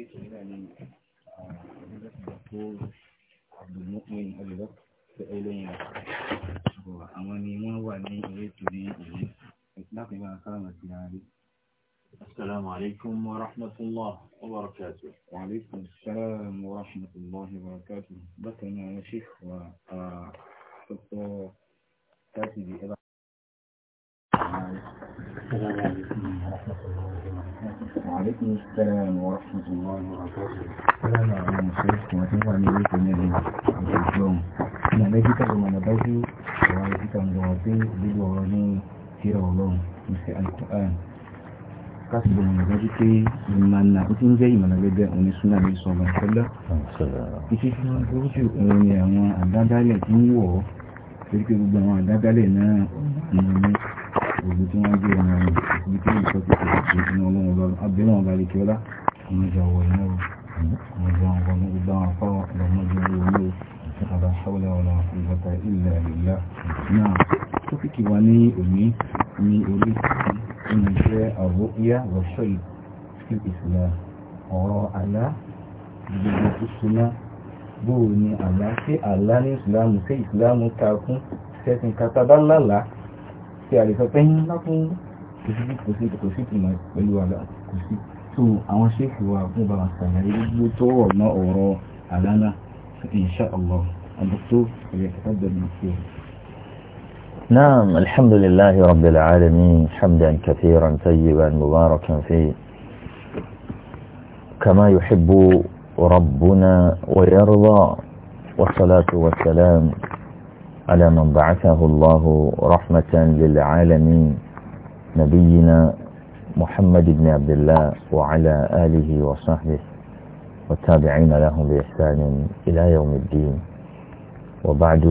حديث الإمام الدكتور عبد المؤمن أبي بكر سألني وأماني ما هو أني أريد لي إليه إطلاق ما قام الدياري السلام عليكم ورحمة الله وبركاته وعليكم السلام ورحمة الله وبركاته بكنا يا شيخ وحطوا آه، تاتي بإبعاد السلام عليكم وعليكم السلام ورحمة الله وبركاته السلام عليكم الشيخ ومتابع عليكم النبي عبد الجوم ní amẹ́ríkà ló mọ̀nà dájú àwọn amẹ́ríkà ń lọ pé lílo ọ̀rọ̀ ní tíra ọlọ́run kì í ṣe alukur'an káàsì ló mọ̀nà dájú pé ìmọ̀nà ó ti ń jẹ́ ìmọ̀nà lẹ́gbẹ́ òun ní súnà ní sọ̀rọ̀ ìṣẹ́lá ìṣe tí wọ́n dúró jù òun ni àwọn àdádálẹ̀ tí ń wọ̀ ọ́ torí pé gbogbo àwọn àdádálẹ̀ náà ìmọ̀ òbí tí wọ́n gbé ọmọ rẹ̀ òbí tí wọ́n sọ́kù tó ti ṣe ní ọlọ́run bá abẹ́rẹ́ wọn bá lè kíọ́lá ọmọ ìjà wọ iná o ọmọ ìjà wọn wọn gbogbo àwọn afọ ọmọ ìjà wọn wọn lò ọ̀dà ṣọ́lẹ̀ ọ̀nà ìgbàta ilẹ̀ ìlà náà tókìkì wa ní òní ní orí nínú iṣẹ́ àwọ̀ ìyá rọ̀ṣọ́ ìsìlá ọ̀rọ̀ àlá gbogbo ìṣúná bóò ni àlá sí àlá ní ìsìlámù sí ìsìlámù takún sẹ́sìn katabalálàá tí a lè sọ pé ńlá fún kòsìkì kòsìkì kòsìkì náà pẹ̀lú àlá kòsìkì tó àwọn ṣéèkì wa fún bá wọn sàlàyé gbogbo tó rọ̀ mọ́ ọ̀rọ̀ àlá náà insha allah الدكتور يتفضل مكتوب نعم الحمد لله رب العالمين حمدا كثيرا طيبا مباركا فيه كما يحب ربنا ويرضى والصلاة والسلام على من بعثه الله رحمة للعالمين نبينا محمد بن عبد الله وعلى آله وصحبه والتابعين لهم بإحسان إلى يوم الدين وبعد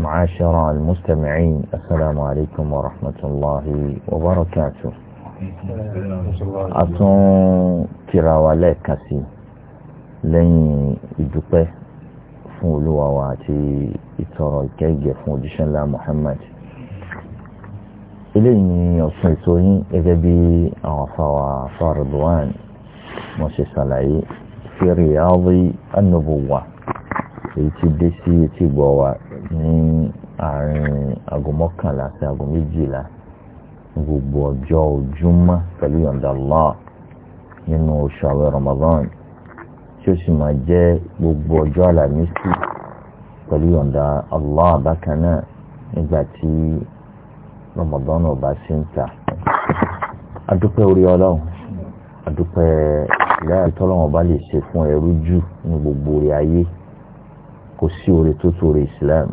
معاشر المستمعين السلام عليكم ورحمة الله وبركاته أتون تراوالك لن يدقه fún olúwa wa àti ìtọrọ ìkẹ́gẹ́ fún òjíṣẹ́ ńlá Muhammad eléyìí ni ọ̀sán ètò yín gẹ́gẹ́ bí àwọn afáwà fáridwan wọ́n ṣe ṣàlàyé fi Riyadi an-Nubuwah èyí ti dé sí etí gbọ́ wa ní àárín aago mọ́kànlá sí aago méjìlá gbogbo ọjọ́ ojúmọ́ pẹ̀lú yọ̀ǹda Allah nínú oṣù àwẹ̀ Ramadan tí ó sì máa jẹ́ gbogbo ọjọ́ àlàmísì pẹ̀lú yọ̀ǹda Allah bákan náà nígbà tí Ramadan ọba sí ń ta adúpẹ́ orí ọlọ́run adúpẹ́ ìdáyà tọ́lọ́run ọba lè ṣe fún ẹrú jù ní gbogbo orí ayé kò sí orí tó tó orí Islam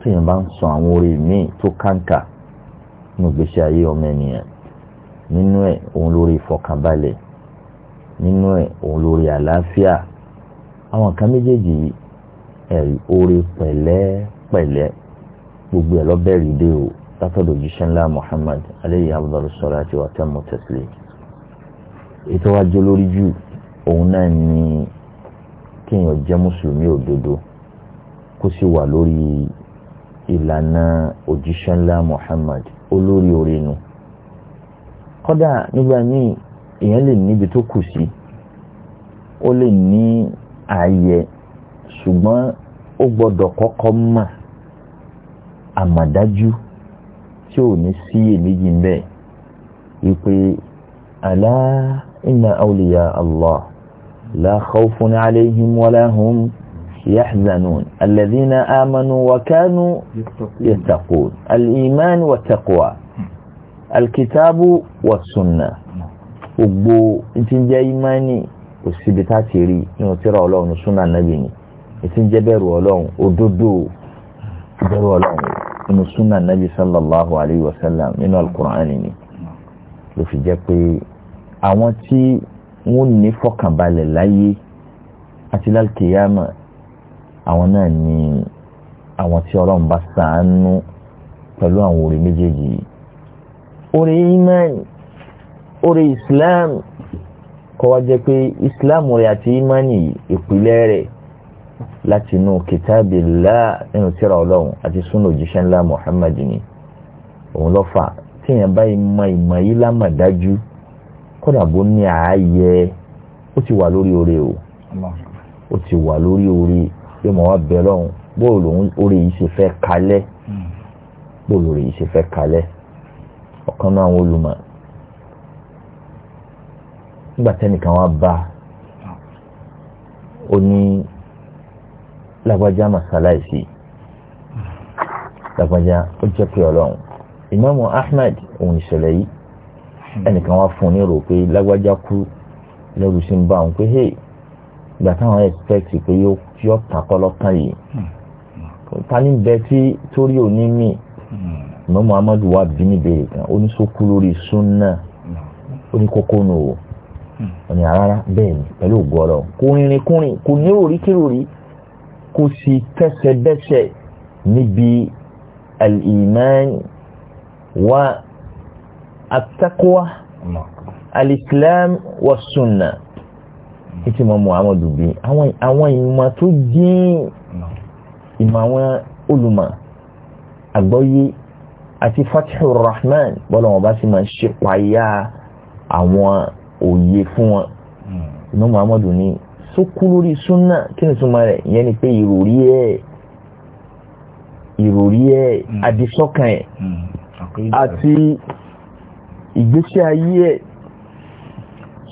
tóyìn bá ń sọ àwọn orí míì tó kàǹkà ní ìgbésí ayé ọmọ ènìyàn nínú ẹ̀ òun lórí ìfọkànbalẹ̀ nínú ẹ̀ òun lórí àlàáfíà àwọn kan méjèèjì ẹ̀rí oore pẹ̀lẹ́pẹ̀lẹ́ gbogbo ẹ̀ lọ́bẹ̀rì dé o látọ̀dọ̀ jíṣẹ́ ńlá Muhammad aleyhi abdul salati wa tamu taslim ètò ajé lórí jù òun náà ni kéèyàn jẹ́ mùsùlùmí òdodo kó sì wà lórí ìlànà òjíṣẹ́ ńlá Muhammad olórí kódà nígbà míì èèyàn lè níbi tó kù sí ó lè ní ààyè ṣùgbọ́n ó gbọ́dọ̀ kọ́kọ́ mà àmàdájú tí ò ní sí èméjì ń bẹ wípé alá iná àwòlìyà allah la khawfun alayhim wala hum يحزنون الذين آمنوا وكانوا يتقون الإيمان والتقوى الكتاب والسنة gbogbo ti ń jẹ́ ìmánì kò síbi tá a ti rí ọlọ́run súnà nàbì ni ti ń jẹ́ bẹ̀rù ọlọ́run òdodo bẹ̀rù ọlọ́run nínú súnà nàbì sallallahu alayhi wa sallam nínú alukur'ani ni ló fi jẹ́ pé àwọn tí wọ́n ní fọkànbalẹ̀ láyé àti lálùkìyàmà àwọn náà ni àwọn tí ọlọ́run bá ṣàánú pẹ̀lú àwọn orí méjèèjì orí ìmánì orí islam kọ́ wá jẹ́ pé islam rẹ̀ àti imani ìpìlẹ̀ rẹ̀ láti inú kitabillah nínú tírà ọlọ́run àti súnà òjíṣẹ́ ńlá muhammad ni òun ló fà tíyẹn báyìí mọ ìmọ̀ yìí lámàdájú kódà bó ní ààyè ó ti wà lórí oore o ó ti wà lórí oore pé mo wá bẹ̀rẹ̀ ọ̀hún bóòlù oore yìí ṣe fẹ́ kalẹ̀ hmm. bóòlù oore yìí ṣe fẹ́ kalẹ̀ ọ̀kan náà àwọn olùmọ̀ nígbà tẹ́nìkan wá bá ó ní lágbájá màsálàìsì lágbájá ó jẹ́ pé ọlọ́run ìmáàmù Ahmed òun ìṣẹ̀lẹ̀ yìí ẹnìkan wá fún un ní rò pé lágbájá kú lẹ́rù sí ń bá òun pé hey ìgbà táwọn expect pé yóò tàkọ́ lọ́kàn yìí ta bẹ tí torí òní mi ìmáàmù Ahmed wá bí níbẹ̀rẹ̀ kan ó ní sókú lórí súnà ó nù o wọn ni rárá bẹ́ẹ̀ ni pẹ̀lú ògbó ọ̀rọ̀ kò rìnrìn kúrìn kò ní òrí kíròrí kò sì tẹ́sẹ̀ bẹ́sẹ̀ níbi al-iman wa at-taqwa al-islam wa sunna títí mọ́ muhammadu bí àwọn ìmọ̀ tó dín ìmọ̀ àwọn olùmọ̀ àgbọ́yé àti fatihur rahman bọ́lá wọn bá sì máa ń ṣe payá àwọn òye fún wọn ìmọ̀ hmm. muhammadu ní sókú lórí súnà kí ni súnmọ́ rẹ̀ ìyẹn ni pé ìròrí ẹ̀ ìròrí ẹ̀ hmm. àdìsọ́kàn ẹ̀ hmm. àti ìgbésí ayé ẹ̀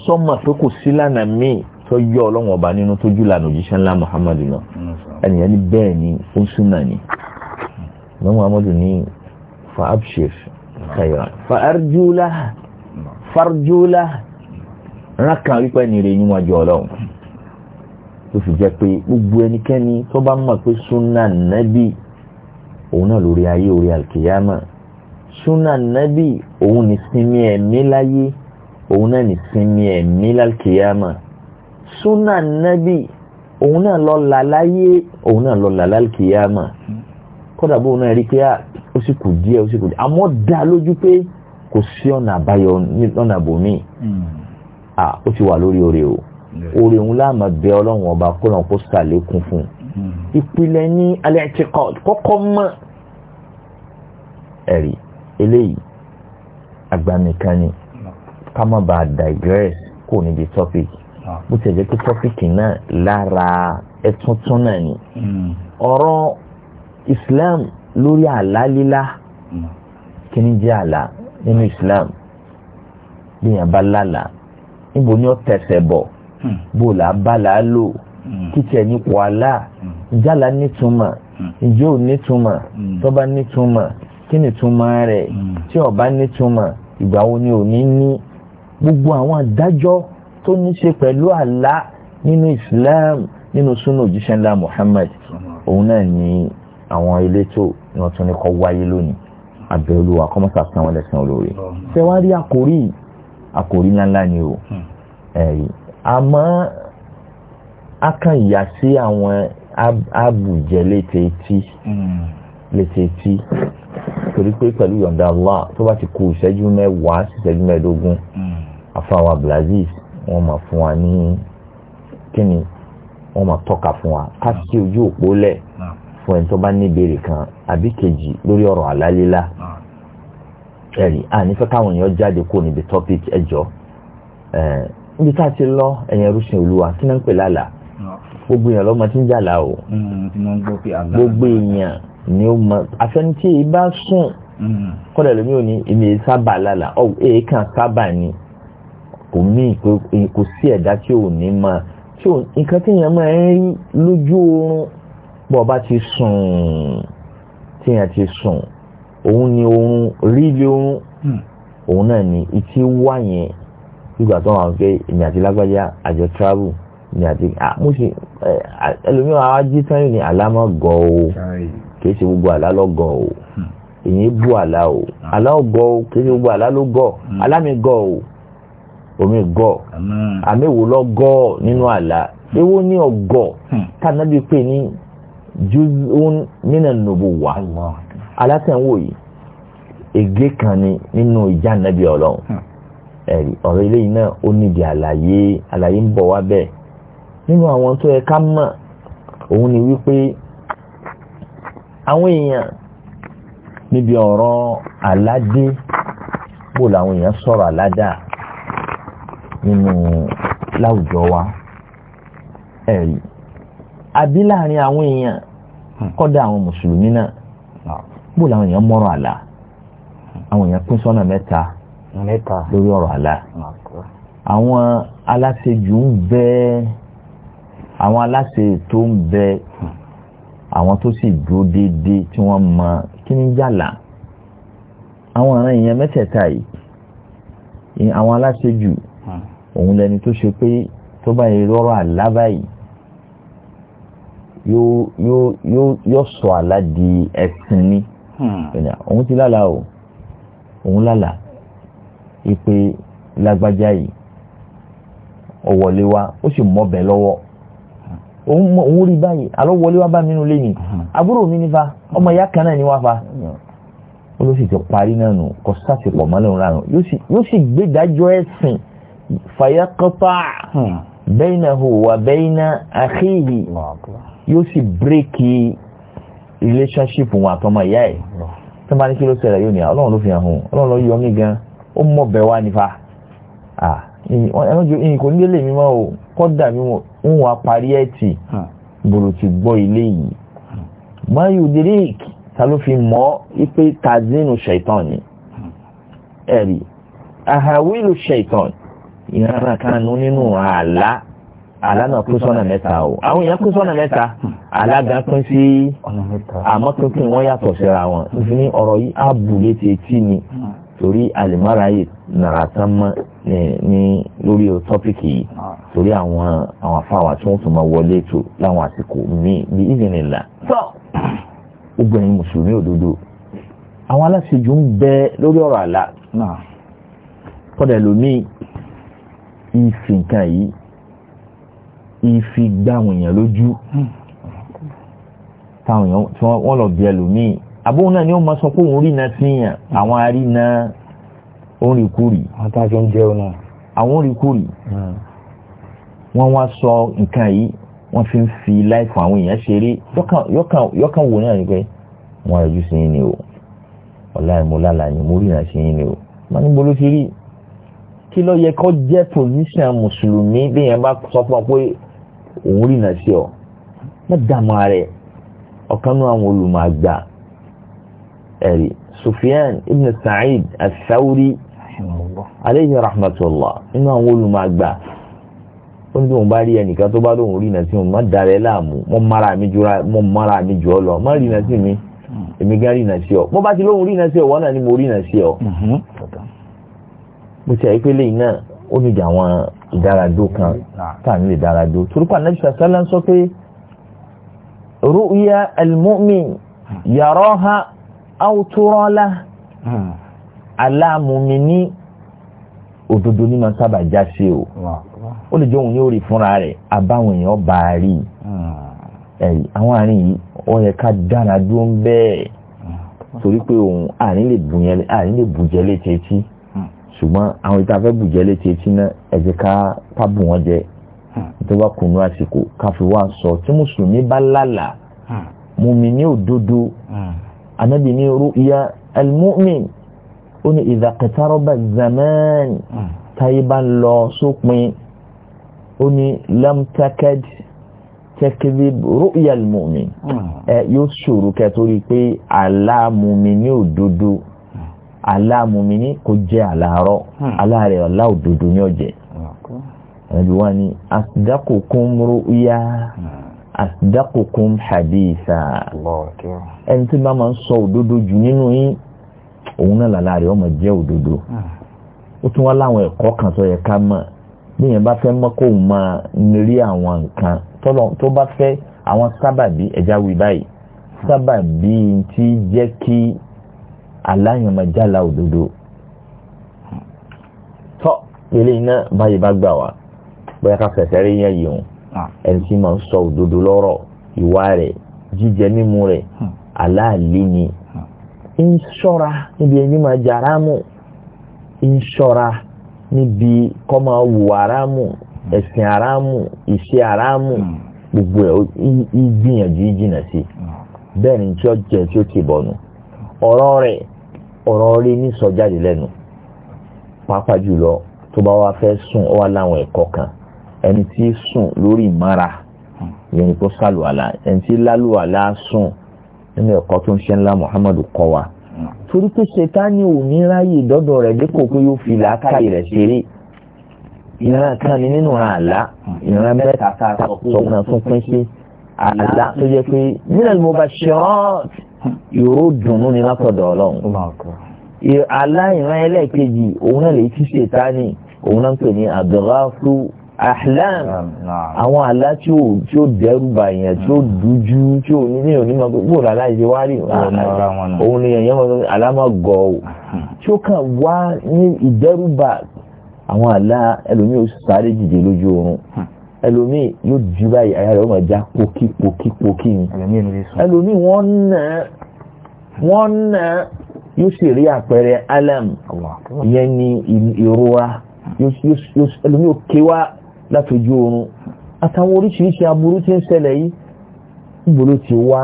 sọ́mà pé kò sí lánàá míì tó yọ ọlọ́wọ́n ọba nínú tó jù lànà òjíṣẹ́ ńlá muhammadu náà ẹnìyẹn ni bẹ́ẹ̀ ni ó súnà ni ìmọ̀ muhammadu ní fa abshir khayran fa arjula farjula rákà wípé ní rẹ̀ níwájú ọlọ́run tó fi jẹ́ pé gbogbo ẹnikẹ́ni tó bá mọ̀ pé súnà nẹ́bì òun náà lórí ayé orí alkiyama súnà nẹ́bì òun ní sinmi ẹ̀mí láyé òun náà ní sinmi ẹ̀mí lálkiyama súnà nẹ́bì òun náà lọ là láyé òun náà lọ là lálkiyama kódà bóun náà rí pé ah, ó sì kù díẹ̀ ó sì kù díẹ̀ àmọ́ dá lójú pé kò sí ọ̀nà àbáyọ ọ̀nà àbòmíì. Hmm à ó ti wà lórí oore o oore òun láàmà bẹ ọlọ́run ọba kó lọ́n kó sàlékún fún un hmm. ìpìlẹ̀ ní alẹ́ ti kọ́kọ́ mọ́ ẹ̀rí eléyìí agbanìkan ni ká má bàa digress kò níbi topic ah. bó ti jẹ́ pé topic náà lára ẹ̀túntún náà ni hmm. ọ̀rọ̀ Islam lórí àlá lílá hmm. kí ni jẹ́ àlá nínú Islam bí yẹn bá lálàá níbo ni ó tẹ̀sẹ̀ bọ̀ hmm. bó la bá la lò hmm. títẹ̀ nípò alá ìjàlá hmm. nítumọ̀ ìjó nítumọ̀ tọ́ba nítumọ̀ kí nítumọ̀ rẹ̀ tí ọba nítumọ̀ ìgbà wo ni ò ní ní gbogbo àwọn àdájọ́ tó ní ṣe pẹ̀lú àlá nínú Islam nínú súnà òjíṣẹ́ ńlá Muhammad òun náà ni àwọn elétò ni wọ́n tún ní kọ́ wáyé lónìí àbẹ̀olúwa kọ́mọ́sà sanwó-ẹlẹ́sìn olóore. ṣé wàá rí àkórí yìí àkòrí ńláńlá ni o hmm. ẹ̀rí àmọ́ a kàn yà sí àwọn abùjẹ létetí hmm. létetí torí pé pẹ̀lú yọ̀ǹda Allah tó bá ti kù ìṣẹ́jú mẹ́wàá sí ìṣẹ́jú mẹ́ẹ̀ẹ́dógún hmm. àfàwọn abdulaziz wọ́n máa fún wa ní kíni wọ́n máa tọ́ka fún wa ká sí ojú òpó lẹ̀ fún ẹni tó bá ní ìbéèrè kan àbí kejì lórí ọ̀rọ̀ àlálélá ẹ̀rí ànífẹ́ káwọn èèyàn jáde kó níbi topic ẹjọ́ níbi tá a ti lọ ẹ̀yìn ẹrúṣin olúwa kí náà ń pè lálàá gbogbo èèyàn lọ́mọ tí ń jàlá o mm, gbogbo èèyàn ni ó mọ àfẹnití yìí sùn mm. kọ́dà lómi ò èmi yìí sábà lálàá ọ̀ èèkàn sábà ni kò mí kò sí ẹ̀dá tí ò ní mọ tí ò nǹkan tí èèyàn máa ń rí lójú oorun bó o bá ti sùn tí èèyàn ti sùn òun ni oorun ríle oorun hmm. òun náà ni ìtí wà yẹn nígbà tó wà pé èmi àti lágbájá àjọ travel èmi àti mo ṣe ẹlòmíràn àwa jí tán ní àlámọ́ gọ̀ o kìí ṣe gbogbo àlá lọ gọ̀ o èyí bú àlá o àlá ò gọ̀ o kìí ṣe gbogbo àlá ló gọ̀ hmm. ah. hmm. àlá mi gọ̀ o omi gọ̀ àmì wò lọ gọ̀ nínú àlá ewo ní ọgọ̀ tànàbí pé ní juz'un minan nubuwwa alátẹ̀wò yìí ege kan ni nínú ìjà nàbí ọlọ́run hmm. ẹ̀rí ọ̀rọ̀ eléyìí náà ó nídìí àlàyé àlàyé ń bọ̀ wá bẹ́ẹ̀ nínú àwọn tó yẹ ká mọ̀ òun ni wípé àwọn èèyàn níbi ọ̀rọ̀ aládé bò làwọn èèyàn sọ̀rọ̀ aládà nínú láwùjọ wa ẹ̀rí àbí láàrin àwọn èèyàn hmm. kọ́dà àwọn mùsùlùmí náà bó làwọn èèyàn mọ̀rọ̀ àlá àwọn èèyàn pín sọ́nà mẹ́ta lórí ọ̀rọ̀ àlá àwọn aláṣejù ń bẹ àwọn aláṣe tó ń bẹ àwọn tó sì dúró déédéé tí wọ́n mọ kí ní yàlà àwọn ọ̀ràn èèyàn mẹ́tẹ̀ẹ̀ta yìí àwọn aláṣejù òun lẹni tó ṣe pé tó bá yẹ lọ́rọ̀ àlá báyìí yóò yóò yóò sọ àlá di ẹ̀sìn ni. Hmm. òun ti lálàá o òun lálàá ìpè lágbájá yìí ó wọlé wá ó sì mọ́bẹ̀ lọ́wọ́ òun rí báyìí àlọ́ wọlé wá bá mi nínú lẹ́yìn hmm. àbúrò mi nífa ọmọ ìyá kan náà ni wá fa hmm. ó ló sì ti parí náà nù kó sásìpọ̀ mọ́ lẹ́hìn lánàá yóò sì gbé dájọ́ ẹ̀sìn fàyàkọ́tà bẹ́yìnà hùwà bẹ́yìnà àkéyì yóò sì bírèkì relationship wọn àtọmọ ìyá ẹ̀ tó bá ní kí ló ṣẹlẹ̀ yóò ní ọlọ́run ló fi hàn hàn ọlọ́run ló yọ mí gan ó mọ̀ bẹ̀ wá nípa ìyìn kò nílé mi mọ́ o mi ń wà parí ẹ̀ tì gbòòrò hmm. ti gbọ́ ilé yìí mayu hmm. dirik ta ló fi mọ́ ipe tazinu ṣaitan ni hmm. ẹ̀rí ahawilu ṣaitan ìrànà kan nínú àlá àlá náà kún sọ́nà mẹ́ta o àwọn èèyàn kún sọ́nà mẹ́ta alága pín sí àmọ́ pínpín wọ́n yàtọ̀ síra wọn nífi ní ọ̀rọ̀ yìí àbúlé ti ni torí àlìmọ́ra yìí nàrà tán mọ́ ní lórí tọ́pìkì yìí torí àwọn àwọn afáwà tí wọ́n tún máa wọlé tó láwọn àsìkò míì bí ìdìnnìlà gbogbo ẹ̀yin mùsùlùmí òdodo àwọn aláṣejù ń bẹ lórí ọ̀rọ̀ àlá kọ́dà lómi ìfìǹkan yìí ìfi gbàwọn èèyàn lójú hmm. táwọn èèyàn tí wọ́n lọ bí ẹlòmíì àbóhùn náà ni ó máa sọ pé òun rí iná sí yàn àwọn arína oríkúrì àwọn oríkúrì hmm. wọ́n wá sọ nǹkan yìí wọ́n fi ń fi láìfọ àwọn èèyàn ṣeré yọkàn wò náà ni pé wọ́n rẹ̀ jù sí yín ni o ọ̀la ìmúlàlà ni mo rí iná sí yín ni o wọ́n ní bolo ti rí kí ló yẹ kó jẹ́ pòsíṣàn mùsùlùmí bí yẹn bá sọ fún ọ pé òun rìnà sí ọ má dààmú rẹ ọ̀kan nínú àwọn olùmọ̀ àgbà ẹ̀rí Sufyan ibn Sa'id al-Thawri aleyhi rahmatulah nínú àwọn olùmọ̀ àgbà ó ní tí wọn bá rí ẹnìkan tó bá lóun rìnà sí wọn má dàrẹ láàmú mọ mara mi jù ọ lọ má rìnà sí mi èmi gan rìnà sí ọ mo bá ti lóun rìnà sí ọ wọn náà ni mo rìnà sí ọ mm-hmm. mo ṣe àyípẹ́lẹ́ yìí náà ó ní wọn ìdáradó kan tá à ń lè dáradó turkwa nabi sallam sọ pé ru'ya al-mu'min yaraha aw tara lah aláàmùmíní hmm. òdodo ní máa sábà já sí o ó lè jẹ́ òun yóò rí fúnra rẹ̀ abáwọn èèyàn bá a rí hmm. ẹ̀rí àwọn àárín yìí ó yẹ ká dáradó ń bẹ́ẹ̀ hmm. torí pé òun àárín lè bùjẹ́ létí etí ṣùgbọ́n àwọn ìtafẹ́ bùjẹ́ létí etí náà ẹ jẹ́ ká pábù wọn jẹ hmm. tó bá kùnú àsìkò káfí wá sọ tí mùsùlùmí bá lálà hmm. mùmí ní òdodo anábì hmm. ní ru'ya al-mu'min ó ní idha qataraba zaman táyé bá ń lọ sópin ó ní lam takad takdhib ru'ya al ẹ yóò ṣòro kẹtorí pé àlá mùmí ní òdodo aláàmùmíní kò jẹ́ àlàárọ̀ hmm. aláàrẹ̀ ọ̀la òdodo ní ọ̀jẹ̀ ẹ̀bí wọn ni asdaqukum ru'ya hmm. asdaqukum haditha ẹni tí bá máa ń sọ òdodo jù nínú yín òun náà làlàárẹ̀ ọmọ jẹ́ òdodo hmm. ó tún wá láwọn ẹ̀kọ́ kan tó yẹ ká mọ̀ bí yẹn bá fẹ́ mọ́ kó máa rí àwọn nǹkan tó bá fẹ́ àwọn sábàbí ẹ̀já wí báyìí sábàbí tí jẹ́ kí aláyànmọ̀jálà òdodo tọ́ ilé iná báyìí bá gbà wá bóyá ká fẹsẹ̀ rí yẹn yìí o ah. ẹni tí màá sọ òdodo lọ́rọ̀ ìwà rẹ̀ jíjẹ mímu rẹ̀ hmm. aláàlí ni hmm. ń ṣọ́ra níbi ẹni máa jẹ aráàmù ń ṣọ́ra níbi kọ́ máa wù aráàmù hmm. ẹ̀sìn aráàmù ìṣe aráàmù gbogbo ẹ̀ ìgbìyànjú ìjìnà sí bẹ́ẹ̀ ni tí ó jẹ tí ó ti bọ̀nù ọ̀rọ̀ rẹ̀ ọ̀rọ̀ rí ní sọjáde lẹ́nu pàápàá jùlọ tó bá wá fẹ́ sùn ó wá láwọn ẹ̀kọ́ kan ẹni tí sùn lórí ìmára ìyẹn ni kó sàlùwàlà ẹni tí lálùwàlà sùn nínú ẹ̀kọ́ tó ń ṣe ńlá Muhammadu kọ́ wa torí pé ṣètánì ò ní ráyè dọ́dọ̀ rẹ̀ dípò pé yóò fi làákàyè rẹ̀ ṣeré ìran kan ni nínú àlá ìran mẹ́ta tá a sọ fún pín sí àlá tó jẹ́ pé minal mubashirat ìró dùnú ni látọ̀dọ̀ ọlọ́run aláìran ẹlẹ́ẹ̀kejì òun náà lè ti ṣètánì òun náà ń pè ní àdọ́gáfú ahlam àwọn àlá tí ó tí ó dẹ́rù bàyàn tí ó hmm. dújú tí ó ní onímọ̀ gbogbo aláìṣe wá rí òun ni èèyàn mọ̀ alámọ̀ gọ̀ ọ́ hmm. tí ó kàn wá ní ìdẹ́rùbà àwọn àlá ẹlòmíì ó sáré dìde lójú oorun. Hmm ẹlòmíì yóò ju báyìí àyà rẹ̀ ó máa já pokí pokí pokí ni ẹlòmíì wọ́n nà wọ́n nà yóò sì rí àpẹẹrẹ alam ìyẹn ni ìrora ẹlòmíì ò ké wá látòjú oorun àtàwọn oríṣiríṣi aburú tí ń ṣẹlẹ̀ yìí ìgbòló ti wá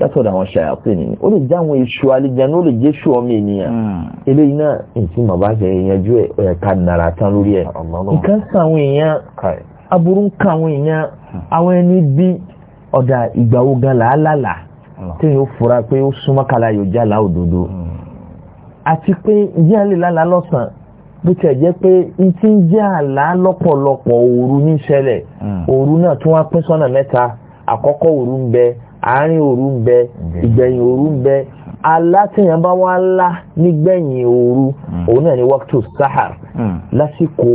látọ̀dọ̀ àwọn ṣàyàpé ni ó lè já àwọn èṣù alìjẹun ó lè jẹ́ ṣù ọmọ ènìyàn hmm. eléyìí náà èyí màbá ṣe yanjú ẹ̀ ẹ̀ka nàrà tán lórí ẹ̀ nǹkan sàn àwọn èèyàn aburú nka kan àwọn èèyàn àwọn ẹni bí ọ̀dà ìgbà wo gan làálàlà tí yóò fura pé ó súnmọ́ kala yóò já la òdodo hmm. àti pe ìyá lè lálà lọ́sàn bó tẹ̀ jẹ́ pé n ti ń jẹ́ àlá lọ́pọ̀lọpọ̀ òru ní ìṣẹ̀lẹ̀ hmm. òru náà tí wọ́n pín sọ́nà mẹ́ta àkọ́kọ́ òru ń bẹ àárín òru ń bẹ hmm. ìgbẹ̀yìn òru ń bẹ alátìyàn bá wá ńlá nígbẹ̀yìn òru òun náà ni waqtu sahar lásìkò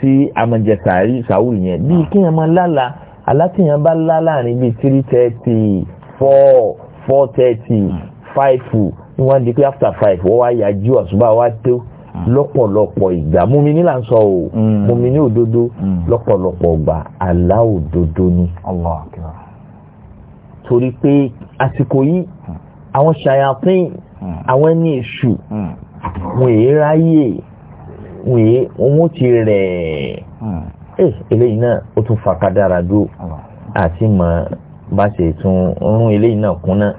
tí a máa jẹ sàárì sàwùrì yẹn bíi kí yẹn máa lála alátìyàn bá lá láàrin bíi three thirty four four thirty five wọ́n di pé after five wọ́n wá yájú àṣùbà wá tó lọ́pọ̀lọpọ̀ ìgbà mumi ní là ń sọ o mumi ní òdodo mm. lọ́pọ̀lọpọ̀ ìgbà àlá òdodo ni. torí pé àsìkò yìí mm. àwọn ṣàyàpín mm. àwọn ẹni èṣù wọn èé ráyè wèé wọ́n ti rẹ̀ ẹ̀ hmm. eh, eléyìí náà ó tún fa kádàrá dúró àti mọ̀ bá ṣe tún rún eléyìí náà kún náà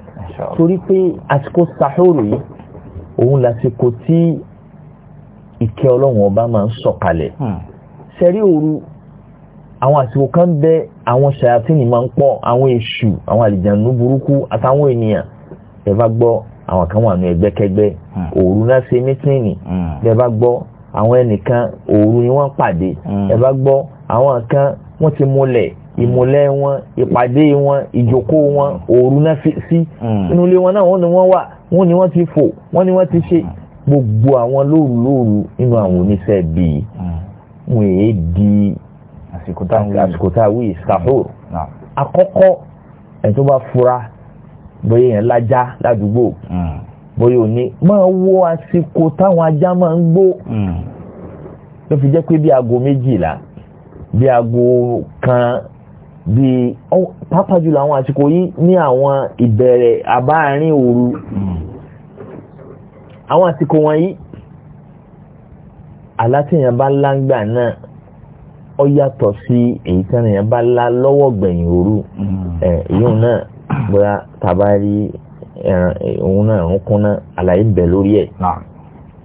torí pé àsìkò sahoro yìí òun lásìkò tí ìkẹ́ ọlọ́run ọba máa ń sọ̀kalẹ̀ sẹ́rí hmm. òru àwọn àsìkò kan bẹ àwọn ṣàyàtìní máa ń pọ̀ àwọn èṣù àwọn àlìjànú burúkú àtàwọn ènìyàn ẹ gbọ́ àwọn kan wà ní ẹgbẹ́kẹgbẹ́ hmm. òru náà ṣe mítìnì ẹ gbọ́ àwọn ẹnìkan òru ni wọ́n pàdé hmm. ẹ bá gbọ́ àwọn kan wọ́n ti múlẹ̀ ìmúlẹ̀ wọn ìpàdé wọn ìjókòó wọn òru náà fi sí hmm. inú ilé wọn náà wọ́n ni wọ́n wà wọ́n ni wọ́n ti fò wọ́n ni wọ́n ti ṣe hmm. gbogbo àwọn lóru lóru nínú àwọn oníṣẹ́ bíi wọn èé di àsìkò tá a wí sahur àkọ́kọ́ ẹ̀ tó bá fura bóyá yẹn lájá ládùúgbò bóyá òní máa wo àsìkò táwọn ajá máa ń gbó hmm. ló fi jẹ́ pé bí aago méjìlá bí aago kan bí pàápàá jùlọ àwọn àsìkò yìí ní àwọn ìbẹ̀rẹ̀ àbáàrin òru hmm. àwọn àsìkò wọ̀nyí alátìyàn bá láǹgbà náà ó yàtọ̀ sí èyí tẹ́nìyàn bá lá lọ́wọ́ gbẹ̀yìn òru hmm. ẹ̀ náà bóyá tàbá rí Eh, òun náà ń kúnná àlàyé bẹ̀ lórí ẹ̀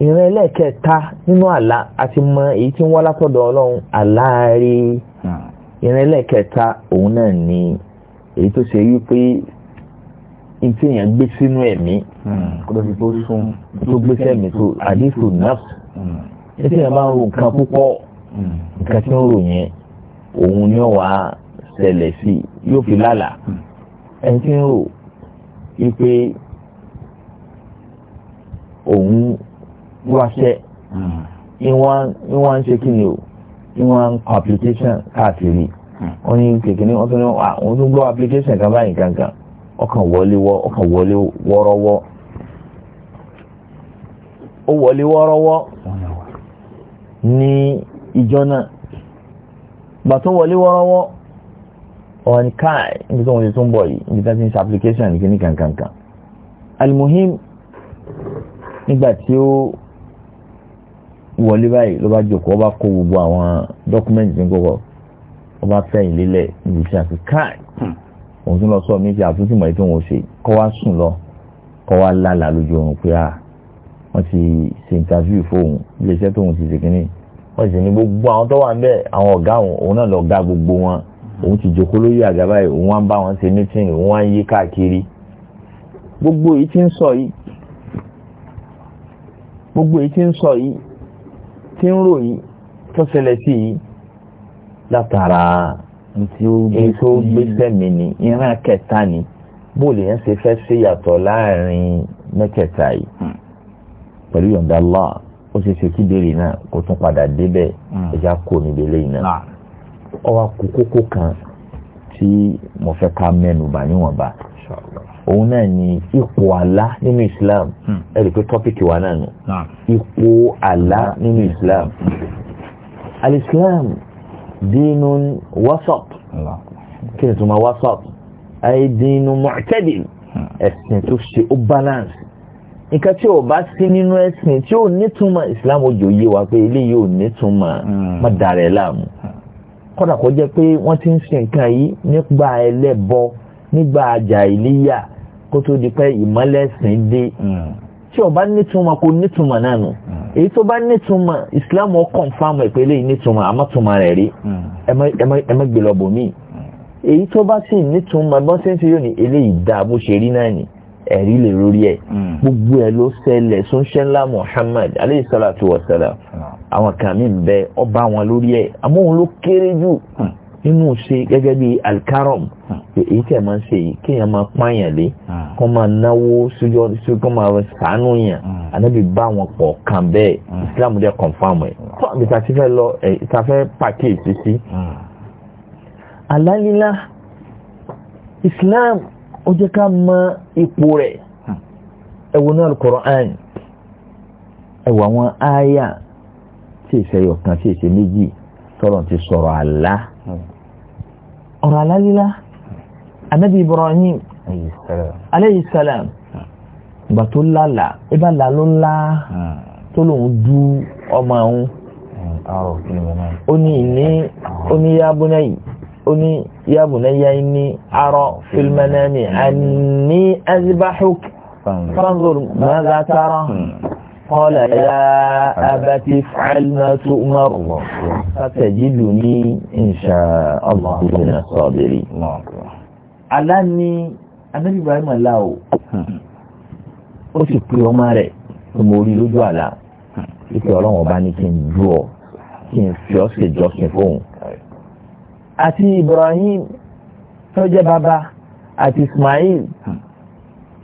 ìran ẹlẹ́ẹ̀kẹta nínú àlá àti mọ èyí tí ń wá látọ̀dọ̀ ọlọ́run àláàrí ìran ẹlẹ́ẹ̀kẹta òun náà ni èyí tó ṣe wípé ntí èèyàn gbé sínú ẹ̀mí hmm. tó gbé sẹ́mi tó àdéhùn náà ntí hmm. èèyàn bá ń ro nǹkan púpọ̀ hmm. nǹkan tí ń rò yẹn òun ni ó wàá ṣẹlẹ̀ sí yóò fi lálàá ẹni tí ń rò ipe òun wáṣẹ́ ni hmm. ṣe kí ni o ni application káàkiri hmm. wọ́n ní kékeré wọ́n tún ní wọ́n tún gbọ́ application kan báyìí kankan ọkàn wọlé wọ́ ọkàn wọlé wọ́rọ́wọ́ ó wọlé wọ́rọ́wọ́ ní ìjọ náà wọlé wọ́rọ́wọ́. wọn kai níbi tó wọn lè tó ń bọ̀ yìí application nìkan ní kankankan alimuhim nígbà tí ó wọlé báyìí ló bá jókòó ó bá kó gbogbo àwọn dọ́kúmẹ́ǹtì ní kókó ó bá fẹ̀yìn lélẹ̀ níbi tí a fi káì òun tún lọ sọ mí ti àtúntì mọ̀ ètò òun ṣe kọ́ wá sùn lọ kọ́ wá lálàá lójú oorun pé a ah, wọ́n ti ṣe interview fóun iléeṣẹ́ tóun ti ṣe kínní wọ́n sì ní gbogbo àwọn tó wà ń bẹ̀ àwọn ọ̀gá òun náà lọ ga gbogbo wọn òun ti jòkó lórí àga báyìí òun wá ń bá wọn ṣe meeting òun wá ń yí káàkiri gbogbo èyí tí ń sọ yìí gbogbo èyí tí ń sọ yìí tí ń rò yìí tó ṣẹlẹ̀ sí yìí látara ètò gbèsè mi ni ìran kẹta ni bó lè yẹn ṣe fẹ́ ṣe yàtọ̀ láàrin mẹ́kẹta yìí hmm. pẹ̀lú yọ̀ǹda Allah ó ṣe ṣe kí náà kó tún padà débẹ̀ hmm. ẹ̀já kò níbi eléyìí náà ọwọ́ kókókó kan tí mo fẹ́ ká mẹ́nu bà níwọ̀nba òun náà ni ipò àlá nínú Islam hmm. ẹ rí i pé tọ́pìkì wa náà nù ipò àlá nínú Islam al-Islam dínún wasat kí ni tó máa wasat ayé dínún mu'tadil hmm. ẹ̀sìn tó ṣe ó balance nǹkan tí o bá sí nínú ẹ̀sìn tí o nítumọ̀ Islam ojú yé wa pé eléyìí ò nítumọ̀ hmm. má dàrẹ́ láàmú kódà kó jẹ́ pé wọ́n ti ń sin nǹkan yìí nígbà ẹlẹ́bọ nígbà jàhílíyà kó tó di pé ìmọ̀lẹ́sìn dé hmm. tí ó bá nítumọ̀ kò nítumọ̀ náà nù hmm. èyí tó bá nítumọ̀ islam ó confam ẹ̀ pé eléyìí nítumọ̀ àmọ́tumọ̀ rẹ̀ rí hmm. ẹ má gbé lọ bò míì èyí tó bá sì nítumọ̀ bọ́n ṣe ń ṣe yóò ní eléyìí dáa bó ṣe rí náà ni ẹ̀rí lè lórí ẹ̀ gbogbo ẹ̀ ló ṣẹlẹ̀ sunṣẹ́ńlá muhammad aleyhi salatu wa salam àwọn kan mi ń bẹ ọba wọn lórí ẹ amóhun ló kéré jù nínú ṣe gẹ́gẹ́ bí alikarom èyí tẹ̀ máa ń ṣe yìí kéèyàn máa pààyàn lé kó máa náwó sójọ́ sí kó máa sàánú yàn ànábì bá wọn pọ̀ kàn bẹ́ẹ̀ islam dẹ̀ confam ẹ̀ tó àbí ta ti fẹ́ lọ ẹ̀ ta fẹ́ pàkíyèsí sí. alálílá islam ó jẹ́ ká mọ ipò rẹ̀ ẹ̀wọ̀n náà Al-Qur'an ẹ̀wọ̀n àwọn àyà tí èsè ọ̀kan tí èsè méjì tọ́lọ̀ ti sọ̀rọ̀ àlá ọ̀rọ̀ àlá lílá anabi ibrahim aleyhi salam ìgbà tó lálà ibà là ló lá tó lòun du ọmọ òun ó ní ìní ó ní yábúná yìí ó ní yábúná yá ní arọ fílmẹ́nẹ́mì àní azibahuk fanzur mọ́zá tààrà. قال يا أبت افعل ما تؤمر فتجدني إن شاء الله من الصابرين alani anabi ibrahim ala o ó sì pe ọmọ rẹ̀ tó mo rí lójú àlá ipe ọlọ́run ọba ní kí n ju ọ kí n fi ọ ṣe jọ́sìn fóun àti ibrahim tó jẹ́ bàbá àti ismail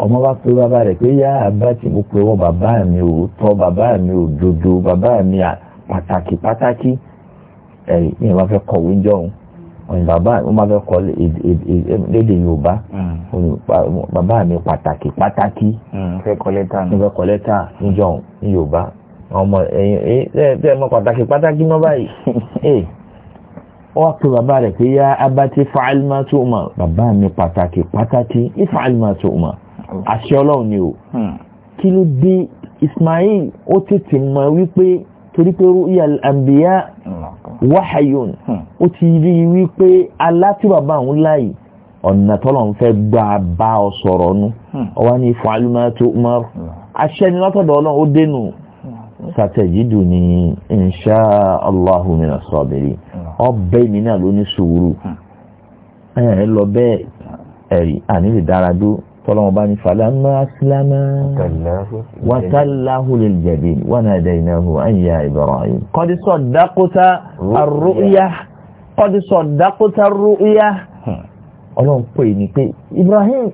ọmọ bá pe bàbá rẹ̀ pé yá àbátì mo pe wọ́n bàbá mi ò tọ́ bàbá mi ò dodo hmm. bàbá mi pàtàkì pàtàkì ẹ̀yìn ní ìwà fẹ́ kọ̀wé jọ̀hún òyìn bàbá ó máa fẹ́ kọ́ léde yorùbá bàbá mi pàtàkì pàtàkì fẹ́ kọ́ lẹ́tà ní fẹ́ kọ́ lẹ́tà níjọ̀hún ní yorùbá ọmọ ẹ̀yìn ẹ̀ mọ pàtàkì pàtàkì mọ́ báyìí ó eh. wá pe bàbá rẹ̀ pé yá abati fa'alma tu'ma bàbá mi pàtàkì pàtàkì ifa'alma tu'ma àṣẹ ọlọ́run ni o hmm. kí ló dé Ismail ó tètè mọ̀ wípé torí pé ruya al-anbiya wahayun hmm. ó ti rí i wípé alátìbàbà òun láyìí ọ̀nà tọ́lọ̀ ń fẹ́ gbà bá ọ sọ̀rọ̀ nu ọwọ́ hmm. ní fàálùmá tó mọ́rù aṣẹ́ni látọ̀dọ̀ ọlọ́run ó dénú sàtẹ̀jídù ní insha Allahu minas ọbẹ̀ mi náà ló ní sùúrù ẹ lọ bẹ́ẹ̀ ẹ̀rí àní lè tọ́lọ́wọ́n bá ní falamma aslama wàtàláhù lil jabin wa nadaynahu an ya Ibrahim qad saddaqta ar-ru'ya qad saddaqta ar-ru'ya ọlọ́run pè ní pé Ibrahim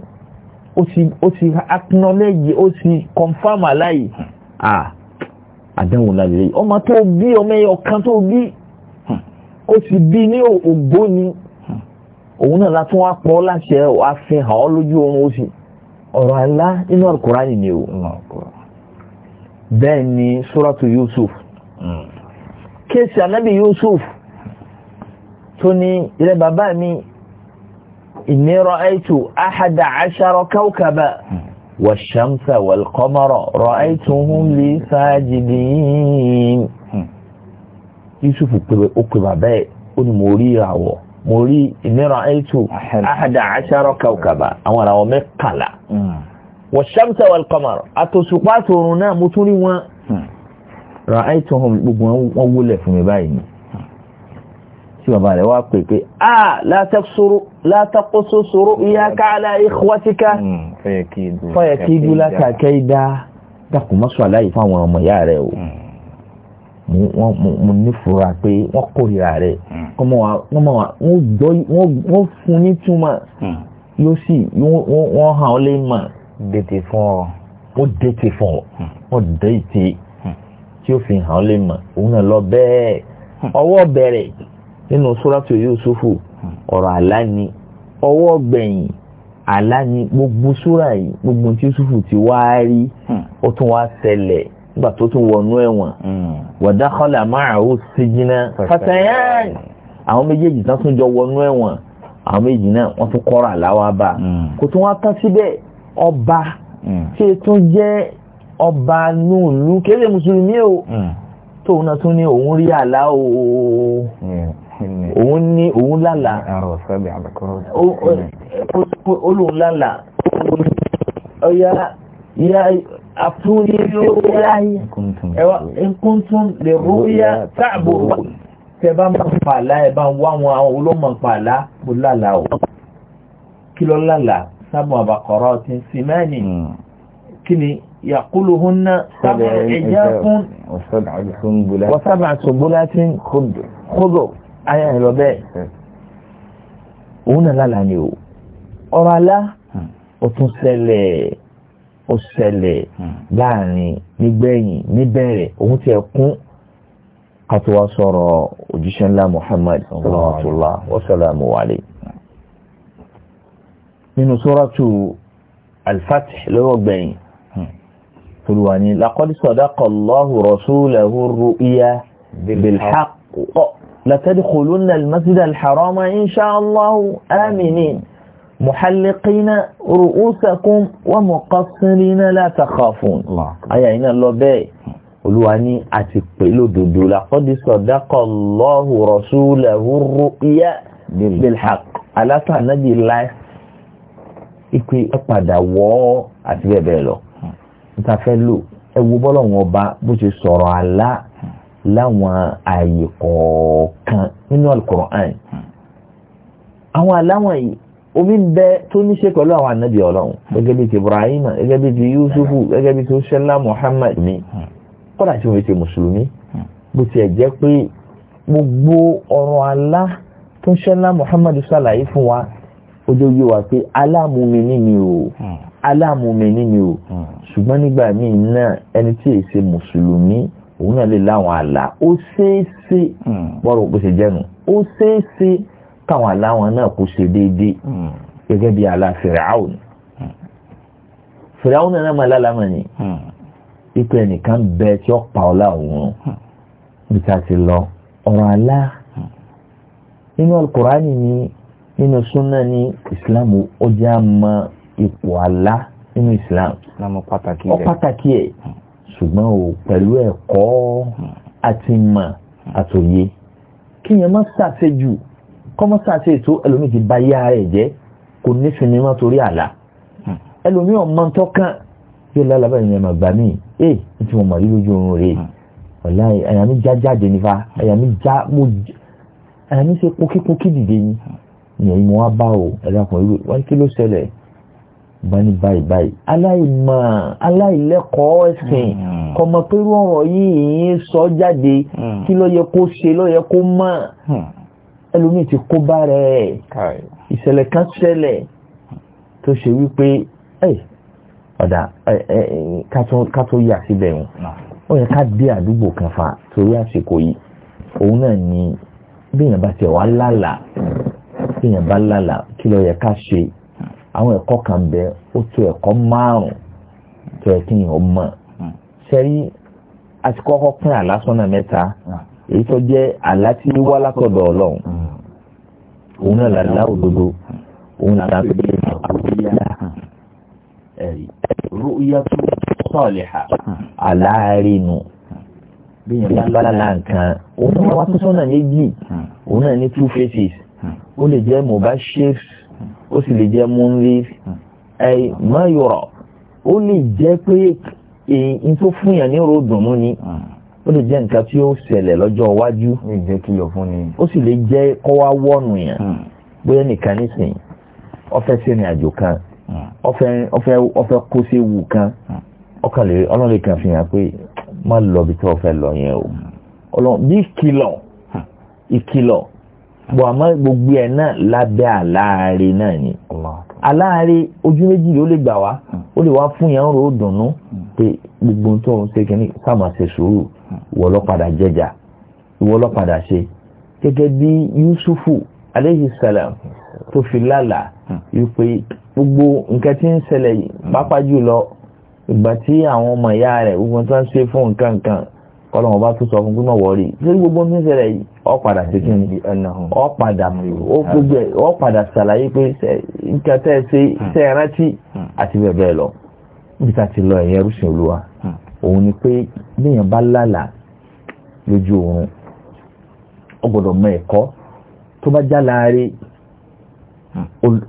ó ti acknowledge ó ti confirm aláì àdánwò lálẹ́ ọmọ tó bí ọmọ ẹyọ kan tó bí ó ti bí ní ògbóni òun náà látún wá pọ̀ láṣẹ àfihàn ọ lójú oorun ó sì ọ̀rọ̀ ńlá inú alukurani ni o bẹ́ẹ̀ ni suratu yusuf hmm. kéèsì anábì yusuf tó ní ilẹ̀ bàbá mi inni ra'aytu ahada ashara kawkaba wash-shamsa wal-qamara ra'aytuhum li sajidin hmm. yusuf ó pè bàbá ẹ̀ ó ní mo rí ìràwọ̀ mo rí ìnira ẹ̀tù àhàdà àṣàrọ̀ kàwkàbà àwọn àràwọ̀ mẹ́kànlá wọ́n ṣàmùsà hmm. wà kọ́mọ̀rọ̀ àtòṣùpá tòrùn náà mo tún rí wọn ra ẹ̀tù hàn gbogbo wọn wúlẹ̀ fún mi báyìí ni hmm. tí bàbá rẹ̀ wá pè pé a hmm. látàkóso sòrò mo nífura pé wọ́n kórìíra rẹ̀ hmm. wọ́n fún ní túmọ̀ hmm. yóò sì wọ́n hàn ọ́ lè mọ̀ dètè fún ọ wọ́n dètè fún ọ wọ́n hmm. dètè tí o fi hàn ọ́ lè mọ̀ òun náà lọ bẹ́ẹ̀ ọwọ́ bẹ̀rẹ̀ nínú sóràtò Yusufu ọ̀rọ̀ àlá ni ọwọ́ gbẹ̀yìn àlá ni gbogbo sóra yìí gbogbo tí Yusufu ti wá rí ó tún wá ṣẹlẹ̀ nígbà tó tún wọnú ẹ̀wọ̀n wọ̀dákọ́lá márùn-ún síjìnà fàtẹ́yàn àwọn méjèèjì tán tún jọ wọnú ẹ̀wọ̀n àwọn méjì náà wọ́n tún kọ́ra àláwá bá kò tún wá tán síbẹ̀ ọba ṣe tún jẹ́ ọba nùlù kéde mùsùlùmí o tóun náà tún ní òun rí àlá o òun ní òun lálà olóhùn lálà ọ̀yà ìyá ẹkùntún lè rúyá táàbò tẹbá máa ń pààlá ẹbá ń wá wọn àwọn olóòmọ̀ pààlá bó lálà ò kí lọ lálà sábọn àbàkọ̀rọ̀ ti ń sin mẹ́ni hmm. kí ni yàkúlù hún náà sábọn ẹ̀já fún wọ́sábà ṣògbólá tí ń kódò ayé ẹ̀rọ bẹ́ẹ̀ hmm. òun náà lálà ni ò ọ̀rọ̀ alá hmm. ó tún ṣẹlẹ̀ ó ṣẹlẹ̀ láàrin nígbẹ̀yìn níbẹ̀rẹ̀ òun ti ẹ̀kún ká tó wá sọ̀rọ̀ òjíṣẹ́ ńlá Muhammad rahmatullah wa salamu alayhi nínú sóràtù al-Fath lọ́wọ́ gbẹ̀yìn tolúwa ni laqad sadaqa Allahu rasulahu ar-ru'ya bil-haqq la tadkhulunna al-masjida al-harama muhalliqina ru'usakum wa muqassirina la takhafun aya ina lọ bẹ́ẹ̀ olúwa ní àti pé lódodo laqad sadaqa Allahu rasulahu ru'ya bil haqq aláta nábì láì ipe padà wọ́ àti bẹ́ẹ̀ bẹ́ẹ̀ lọ níta fẹ́ lò ẹ wo bọ́lọ̀ wọn ba bó ṣe sọ̀rọ̀ láwọn ààyè kọ̀ọ̀kan nínú Al-Qur'an àwọn àláwọ̀n yìí omi ń bẹ tó ní ṣe pẹ̀lú àwọn ànábì ọlọ́run gẹ́gẹ́ bí ti Ibrahim gẹ́gẹ́ bí ti Yusufu hmm. gẹ́gẹ́ bí ti ṣẹlá Muhammad ní hmm. kọ́dà tí wọ́n ti mùsùlùmí hmm. bó ti ẹ̀ jẹ́ pé gbogbo ọ̀rọ̀ alá tó ṣẹlá Muhammad ṣàlàyé fún wa ojú yìí wà pé aláàmúmi ní mi o aláàmúmi ní mi o ṣùgbọ́n nígbà míì náà ẹni tí èyí ṣe mùsùlùmí òun náà lè láwọn àlá ó ṣeé ṣe bọ́rọ̀ bó jẹ́nu ó ṣeé ṣe káwọn aláwọn náà kò ṣe déédéé hmm. gẹ́gẹ́ bí àlá fìràún fìràún náà máa lálámà ni hmm. ipò ẹnìkan bẹ tí ó pa ọlá òun níta hmm. ti lọ ọ̀rọ̀ alá nínú alukurani ni nínú súnà ní islam ó jẹ́ àmọ́ ipò alá nínú islam ó pàtàkì ẹ̀ ṣùgbọ́n o pẹ̀lú ẹ̀kọ́ àti mọ̀ àtòyé kí yẹn má ṣàṣejù kọ́mọ́sá ṣe ètò ẹlòmíì ti ba yá rẹ̀ jẹ́ kò ní sinmi mọ́ torí àlá ẹlòmíì ọmọ tó kàn yóò lálàbà ìyẹn mà gbà mí ẹ tí mo mọ̀ rí lójú oorun rẹ̀ ọ̀la àyà mi já jáde nífa àyà mi já mo àyà mi ṣe kókíkókí dìde ni ìyẹn mo wá bá o ẹ̀rọ àkùnrin wọ́n kí ló ṣẹlẹ̀ bá ní báyìí báyìí aláìmọ̀ aláìlẹ́kọ̀ọ́ ẹ̀sìn hmm. kọmọ pé ọ̀rọ̀ yìí ìyẹn sọ jáde hmm. kí ló yẹ kó ṣe ló yẹ kó mọ̀ hmm ẹlòmíì ti kó bá rẹ̀ ìṣẹ̀lẹ̀ kan ṣẹlẹ̀ tó ṣe wípé ọ̀dà ká tó yà síbẹ̀ wọn ó yẹ ká dé àdúgbò kan fa torí àsìkò yìí òun náà ni bíyàn bá tẹ̀ wá lálàá bíyàn bá lálàá kí ló yẹ ká ṣe àwọn ẹ̀kọ́ kan bẹ ó tó ẹ̀kọ́ márùn-ún tó yẹ kí yàn mọ̀ hmm. ṣẹ́rí àti kọ́kọ́ pín àlásọ́nà mẹ́ta èyí tó jẹ́ àlá tí wá látọ̀dọ̀ ọlọ́run hmm òun náà làlá òdodo òun náà tàbí àwòyá rúyà tó sọ̀lẹ̀hà aláàrínú bí yẹn bá lálá nǹkan òun náà wá tó sọ́nà méjì òun náà ní two faces ó lè jẹ́ mubashir ó sì lè jẹ́ mundir ẹ̀ má yọ̀rọ̀ ó lè jẹ́ pé èyí tó fún yàn ní ròdùnú ni ó lè jẹ́ nǹkan tí ó ṣẹlẹ̀ lọ́jọ́ iwájú ó sì lè jẹ́ kó wá wọ́ọ̀nù yẹn hmm. bóyá nìkan nísìnyí ọfẹ́ sẹ́ni àjò kan ọfẹ́ hmm. kó séwu kan hmm. ọlọ́run lè kàn fi hàn pé má lọ bí tí wọ́n fẹ́ lọ yẹn o ọlọ́run bí ìkìlọ̀ ìkìlọ̀ bọ̀ àmọ́ gbogbo ẹ̀ náà lábẹ́ àláàrí náà ni aláàárẹ̀ ojú méjì ló lè gbà wá ó lè wá fún yẹn ń ro dùnú pé gbogbo tó ń ṣe kínní sáà ṣe sùúrù ìwọ ló padà jẹjà ìwọ ló padà ṣe gẹ́gẹ́ bí Yusufu aleyhi salam tó fi lálàá wípé gbogbo nǹkan tí ń ṣẹlẹ̀ yìí pápá jùlọ ìgbà tí àwọn ọmọ ìyá rẹ̀ gbogbo tó ń ṣe fún nǹkan nǹkan kọlọ́mọ bá tún sọ fún gbímọ̀ wọ́ọ̀rì lórí gbogbo ní ìṣẹ̀lẹ̀ yìí ọ padà ṣe kí ni ọ padà ó gbogbo ẹ̀ ọ padà ṣàlàyé pé nǹkan tẹ́ ẹ ṣe ṣe rántí àti bẹ́ẹ̀ bẹ́ẹ̀ lọ níbi tá a ti lọ ẹ̀yẹ rúṣin olúwa hmm. òun ni pé bíyàn bá lálà lójú oorun ó gbọ́dọ̀ mọ ẹ̀kọ́ tó bá já láàárín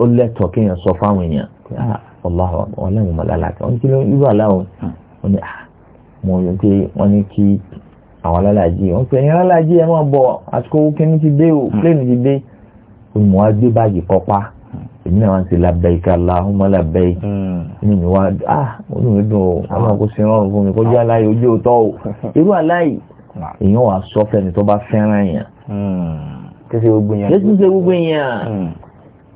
ó lẹ́tọ̀ọ́ kéèyàn sọ fáwọn èèyàn ọláhùn ọlẹ́hùn mọ̀lálàkà wọ́n ti irú aláhùn wọ́n ni mo yọ pé wọ́n ní kí àwọn alálàájì wọ́n pe ẹ̀yin alálàájì ẹ̀ máa bọ̀ àsìkò kíní ti dé o hmm. pléènì ti dé olùmọ̀ wá gbé báàgì èmi náà wá ń ṣe labẹ́yìká Allahumma labẹ́yì hmm. inú mi wá ah inú mi dùn o ah. ọlọ́run kò sí rọrùn fún mi kó jẹ́ aláì ojú òótọ́ o irú aláì ah. èèyàn wà sọ fẹ́ni tó bá fẹ́ràn yẹn. kéṣe gbogbo yẹn kéṣe ṣe gbogbo yẹn hmm. hmm.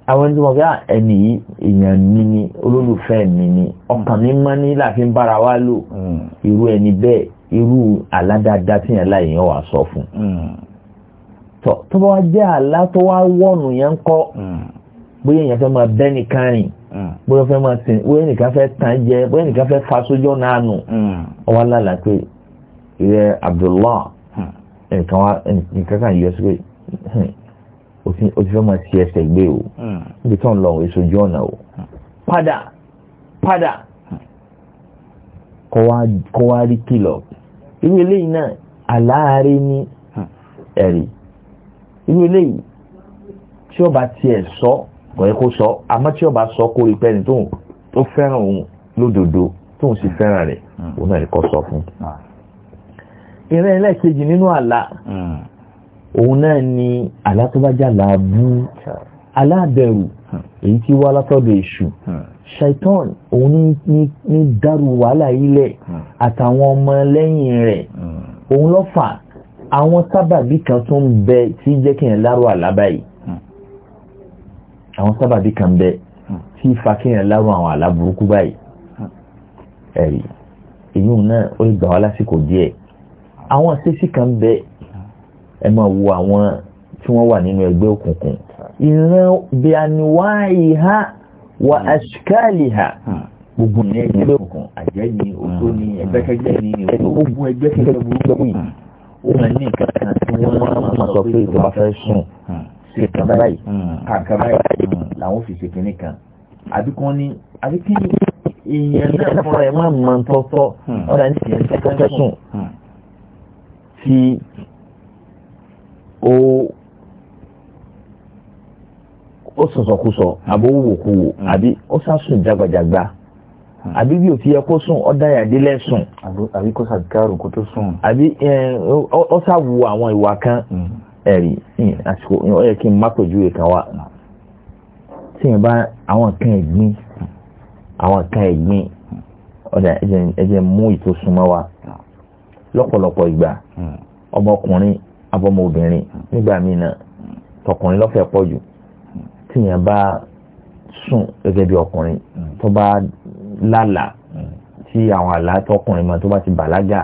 àwọn ẹni tó mọ̀ pé ẹni yìí èèyàn mi ni olólùfẹ́ mi ni ọkàn mi máa ní láti bára wa lò irú ẹni bẹ́ẹ̀ irú aládàáda tí yẹn láì yẹn wà sọ fún. tó bá wá jẹ́ àlá tó wá wọ́ọ̀nù yẹn ń kọ́ bóyá èèyàn fẹ́ máa bẹ́ nìkan rìn mm. bóyá fẹ́ máa sìn bóyá nìkan fẹ́ tàn jẹ bóyá nìkan fẹ́ fa sójọ́ náà nù ọwọ́ mm. lálàá pé ìrẹ Abdullah mm. nǹkan wa nǹkan kan yọ sí pé hmm, o ti fẹ́ máa ṣe ẹsẹ̀ gbé o níbi tó ń lọ òun èso jọ́ ọ̀nà o padà padà kọ́ wá rí kìlọ̀ irú eléyìí náà àláàárí ní ẹ̀rí irú eléyìí tí ó bá tiẹ̀ sọ. So, kò yẹ kó sọ àmọ́ tí ọba sọ kó rí pẹ́ni tóun tó fẹ́ràn òun lódodo tóun sì fẹ́ràn rẹ̀ hmm. òun náà kọ́ sọ fún. Hmm. ìrìn ẹlẹ́ẹ̀kejì nínú àlá hmm. òun náà ni àlá tó bá jàlá bú aláàbẹ̀rù èyí tí wá látọ̀dọ̀ èṣù shaitan òun ní dàrú wàhálà ilẹ̀ àtàwọn ọmọ lẹ́yìn rẹ̀ òun ló fà àwọn sábàbí kan tó ń bẹ tí jẹ́ kí n lárò àlábàyìí àwọn sábàbí kan bẹ tí fàkíyàn láwọn àwọn àlá burúkú báyìí ẹ̀rí èyí náà ó lè gbà wá lásìkò díẹ̀ àwọn ṣẹ́sí kan bẹ ẹ máa wo àwọn tí wọ́n wà nínú ẹgbẹ́ òkùnkùn ìran bí aníwáyé ha wà àṣìkáàlì ha gbogbo ní ẹgbẹ́ òkùnkùn àjẹ́ ni òtó ni ẹgbẹ́kẹ́gbẹ́ ni gbogbo ẹgbẹ́kẹ́gbẹ́ burúkú yìí ó máa ní nǹkan kan tí wọ́n máa sọ pé ìjọba fẹ́ sùn ṣe kan báyìí hmm. kàǹkan báyìí hmm. làwọn fi ṣe kínní kan àbí kan ní àbí kí èèyàn náà fúnra ẹ̀ máa mọ tọ́tọ́ hmm. ọ̀dà ní ìyẹn tẹ́tẹ́ sùn tí ó ó sọ̀sọ̀kúsọ àbí ó wòkúwò àbí ó sásùn jágbajàgba àbí bí òfin yẹ kó sùn ọ̀dà ìyàdé lẹ́sùn àbí kó sàdúkàrò kó tó sùn àbí ó sàwù àwọn ìwà kan. Mm ẹ̀rí àsìkò ó yẹ kí n má pèjúwe kan wá tí n bá àwọn nǹkan ẹ̀gbin àwọn nǹkan ẹ̀gbin ọ̀dà ẹ̀jẹ̀ mú ìtò súnmọ́ wa lọ́pọ̀lọpọ̀ ìgbà ọmọkùnrin abọ́mọbìnrin nígbà míì náà tọkùnrin lọ́fẹ̀ẹ́ pọ̀ jù tíyẹn bá sùn gẹ́gẹ́ bí ọkùnrin tó bá lálàá tí àwọn àlá tọkùnrin mọ́ tó bá ti bàlágà